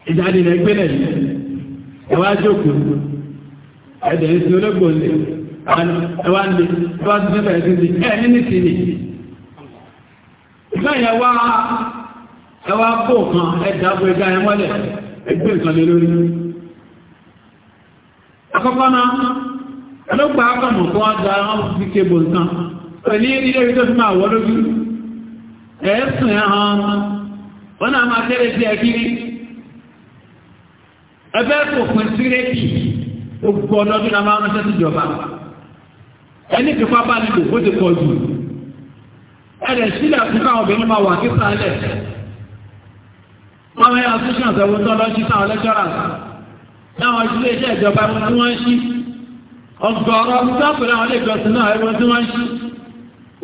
ìjáde rẹ̀ gbélẹ̀ yìí ẹwà jókòó ẹ̀dẹ̀ ń sin ológun òjì ẹwà ń lè ẹwà tó fẹ́ sí ẹ̀ ní nìsí ni ìgbà yẹn wá ẹwà kó kan ẹ̀dá bó ẹgbà yẹn mọ́lẹ̀ ẹgbẹ́ nǹkan lé lórí náà wọn fi nǹkan máa lójú ẹ̀ẹ́sùn ẹ̀hàn wọn náà máa tẹ́rẹ̀ sí ẹ̀kiri ẹgbẹ́ òpin sírẹ́kì gbogbo ọdọọdún náà máa ránṣẹ́ síjọba ẹni fipá bá nílò ó ti pọ̀ jù ẹ̀rẹ̀ sílẹ̀ fún káwọn obìnrin máa wà kíkà lẹ̀ wọ́n máa yára sísun àtẹ̀wò tó lọ́ọ́ sí sáwọn lẹ́kọ́rà láwọn ilé iṣẹ́ ìjọba tí wọ́n ń ṣí ọgọ́rọ̀ ọdún tó àpèrè àwọn ilé ìjọsìn náà ẹgbẹ́ tí wọ́n ń ṣí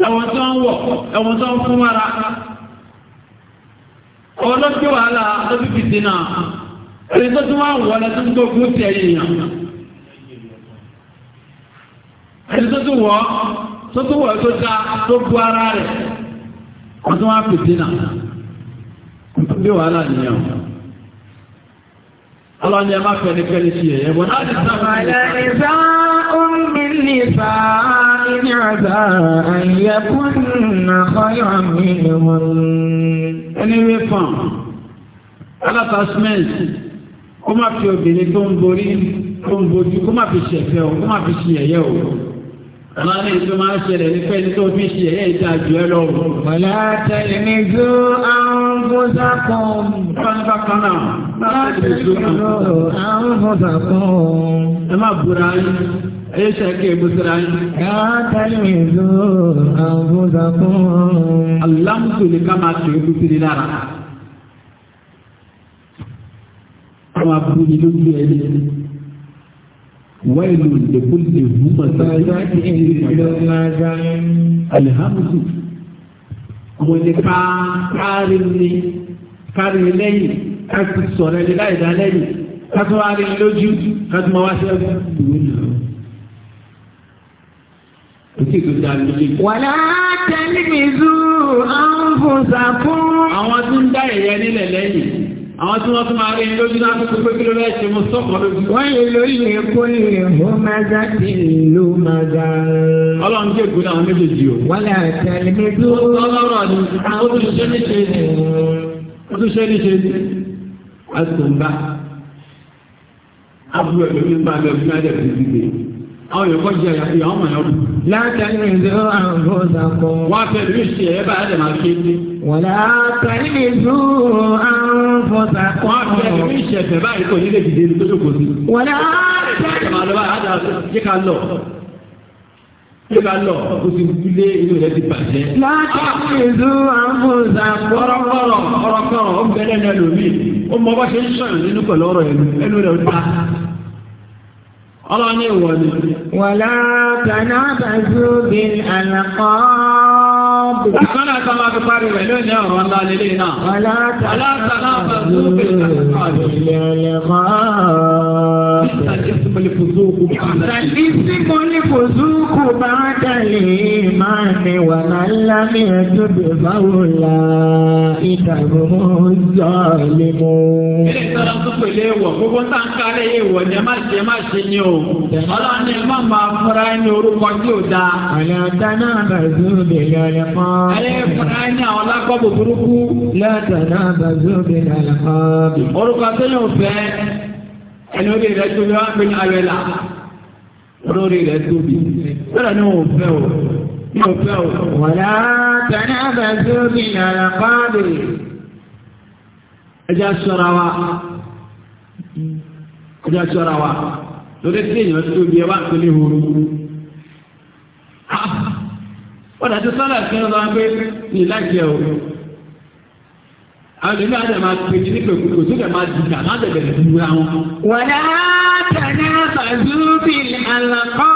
ẹ̀wọ̀n tó ń wọ̀ ẹ̀wọ̀n tó ń fún mara ọlọ́pí wàhálà lọ́bíbi sí náà ẹni tó tún wá wọ̀ ọ́ lẹ́tún gbogbo ti tó tún wọ̀ tó tún wọ̀ tó ta tó ara rẹ̀ wọ́n tún wá ni إن عسى أن يكن خيرا منهم ẹni wí fún alákàsímẹ́ǹtì kó má fi obìnrin tó ń borí tó ń bojú kó má fi ṣẹ̀fẹ̀ ṣe ẹ̀yẹ àwọn bóṣàkùn. ẹ má bùra yín. Ayé ṣẹ́kẹ́ ìbúsíra yìí. Káàkiri ìlú àbúzàkún. Alámùsù ni ká máa kìí kú sílé lára. A máa bú ní lójú ẹni. Wọ́n ìlú lèkú lè hú màtà. Alihamusu. Wàlá tẹ́lifíṣù àǹfọ̀sàkún. Àwọn tí ń dá ẹ̀yẹ nílẹ̀ lẹ́yìn. Àwọn tí wọ́n tún máa rí lójú náà tó pé kí ló rẹ̀ ṣe mú sọ́kọ̀ lójú. Wọ́n yìí ló yẹ kó lè hó mága sí ìlú mága. Ọlọ́run jẹ́ ìgbóná àwọn méjèèjì o. Wàlá tẹ́lifíṣù. Ọlọ́rọ̀ ni ó tún ṣe níṣe ni. Ó tún ṣe níṣe ní bá lọ àwọn yòókọ́ jẹ àyàfi àwọn ọmọ ọdún. látàrí ìdúró àwọn òṣàkọ. wọ́n fẹ́ lórí ṣe ẹ̀yẹ́ bá àdàmà ṣe é. wọ́n látàrí ìdúró àwọn òṣàkọ. wọ́n fẹ́ lórí ṣe ẹ̀fẹ̀ báyìí kò nílé dìde ní tójú kò sí. wọ́n látàrí ìdúró àwọn òṣàkọ. Ṣé ká lọ? O ti wílé inú rẹ̀ ti bàjẹ́. Látàrí ìdúró àwọn òṣàkọ ọlọ́ni ìwọ̀ ni. wọ̀lá tànà bàzú bí àlàkọ́. Akọ́nà kan máa fi parí rẹ̀ lónìí ọ̀rọ̀ ńlá lélẹ̀ náà. Wọ̀lá tànà bàzú bí àlàkọ́ ìsìnkú lè fòzó òkú bá ń dà. ìsìnkú lè fòzó òkú bá ń dàlè máa ní wà láńlá ní ẹjọ́ bẹ̀ báwo la ìdàgbọ́ ọjọ́ lè mú. ilé ìtọ́lá tó pèlè wọ̀ gbogbo tá à ń kárẹ̀ yé wọ̀ jẹ́ má ṣe má ṣe ni o. ọlọ́run ni má máa fura ẹni orúkọ tí ò da. àlẹ́ àdáná àbàzú bẹ̀rẹ̀ ọ̀lẹ́ mọ́. alẹ́ fura ẹni àwọn lákọ́bù burúkú. látàná àbàzú bẹ̀rẹ̀ ọ̀lẹ́ mọ́. orúkọ tó yóò fẹ́ ẹni orí rẹ̀ tóbi wá ń pè ní awẹ́là olórí rẹ̀ tóbi lọ́dọ̀ ní òun fẹ́ o ní òun fẹ́ o. wàlá tẹ̀lé abẹ́sí omi nàrà pàdé. ẹja sọ́ra wa ẹja sọ́ra wa lórí tí èèyàn tóbi ẹ wá ń pè ní ooru. wọ́n ah! dàtí sọ́dọ̀ kí wọ́n lọ pé ní ìlàjẹ̀ o àwọn ènìyàn àti àmà pèjì ní pẹ̀lú kò tó kẹ̀ máa dìjà máa bẹ̀rẹ̀ sí wúra wọn. wọ́n á tẹ̀lé fàzúbì àlàkọ́.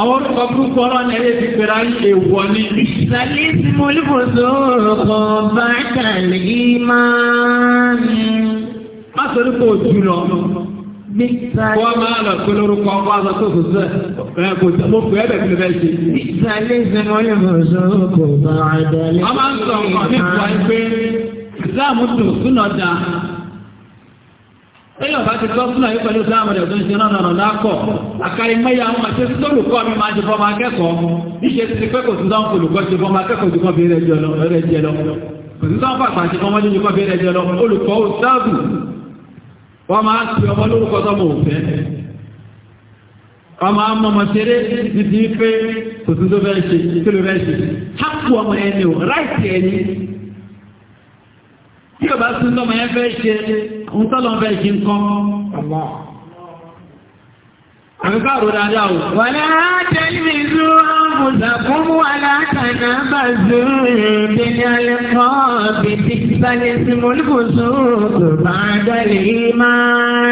àwọn orúkọ burúkú ọlọ́run ẹ̀rẹ́ ti pẹ̀lá èèwọ̀ ni. ìsàlẹ̀ tí mo lè fò sóòkò bá tẹ̀lé máa ń. má sọ ní kò jù lọ. Mísàlẹ̀. Wọ́n máa lọ pé tó kò sẹ́, ẹ kò tẹ́ mo fẹ́ bẹ̀ fún ẹ ṣe. Mísàlẹ̀ ìsinmi olùmọ̀ọ́sọ kò bá àdàlẹ́. A máa ń sọ nǹkan nípa pé ìsìláàmù dùn bá ti gbọ́ pẹ̀lú rẹ̀ tó ń ṣe náà lákọ̀. Àkàrí mẹ́yà máa ṣe ṣe akẹ́kọ̀ọ́ wọ́n máa ń pè ọmọ lórúkọ tọ́mọ òfẹ́ wọ́n máa ń mọ̀mọ̀ ṣeré títí pé kò tún tó fẹ́ ṣe kí ló fẹ́ ṣe hápù ọmọ ẹni o ráìtì ẹni tí o bá tún tọ́mọ yẹn fẹ́ ṣe ń tọ́lọ́ fẹ́ ṣe ń kọ́ àfikà rò dáadáa o. wọ́n á tẹ́lẹ̀ mi lóra. ربكم ولا تنابزوا بالألقاب بل اسم الفسوق بعد الإيمان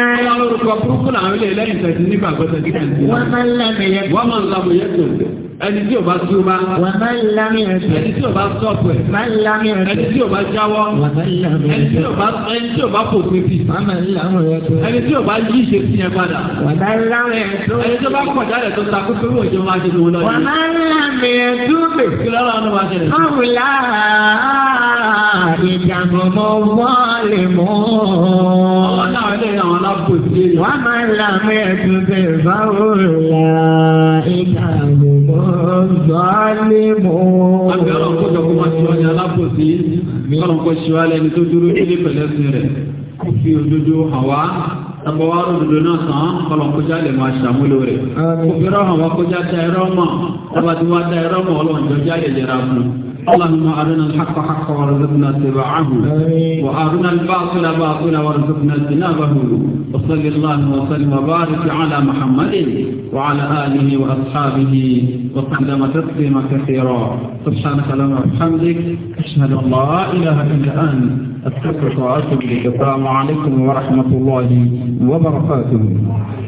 ومن لم يكن ẹni tí o bá tí o bá. wà á máa ń lámì ẹ̀sẹ̀. ẹni tí o bá sọ̀tù máa ń lámì ẹ̀sẹ̀. ẹni tí o bá jáwọ́. wà á máa ń lámì ẹ̀sẹ̀. ẹni tí o bá ẹni tí wà á máa ń lámì ẹ̀sẹ̀. ẹni tí o bá yí ìṣe sí yẹn padà. wà á máa ń lámì ẹ̀sẹ̀. ẹni tí o bá kọ̀ jálẹ̀ tó ta kókó wò jẹ́ máa ṣe lówó lọ́yẹ̀. wà á máa ń lámì ẹ̀sẹ̀. kí lọ́la ọ̀nà máa ṣẹlẹ̀. ọ̀wùlà ìjàngbọ̀mọ̀ mọ́ zalimun. Abẹ́rẹ́ ọkọ̀ tó kọ́ máa ṣe ọjà alábòsí, kọ́nà kọ́ ṣe wá lẹ́ni tó dúró nílé pẹ̀lẹ́sì rẹ̀. Kò fi òdodo hàn wá. Ẹgbọ́n wá ròdòdó náà sàn án, kọ́nà kọjá lè máa ṣàmúlò rẹ̀. Kò fi rọ́ hàn wá kọjá da ẹrọ́ mọ̀, ọba tí wọ́n da ẹrọ́ mọ̀ ọlọ́run jọjá lè yẹra fún un. اللهم أرنا الحق حقا وارزقنا اتباعه وأرنا الباطل باطلا وارزقنا اجتنابه وصل الله وسلم وبارك على محمد وعلى آله وأصحابه وسلم تسليما كثيرا سبحانك اللهم وبحمدك أشهد أن لا إله إلا أنت أستغفرك وأتوب إليك السلام عليكم ورحمة الله وبركاته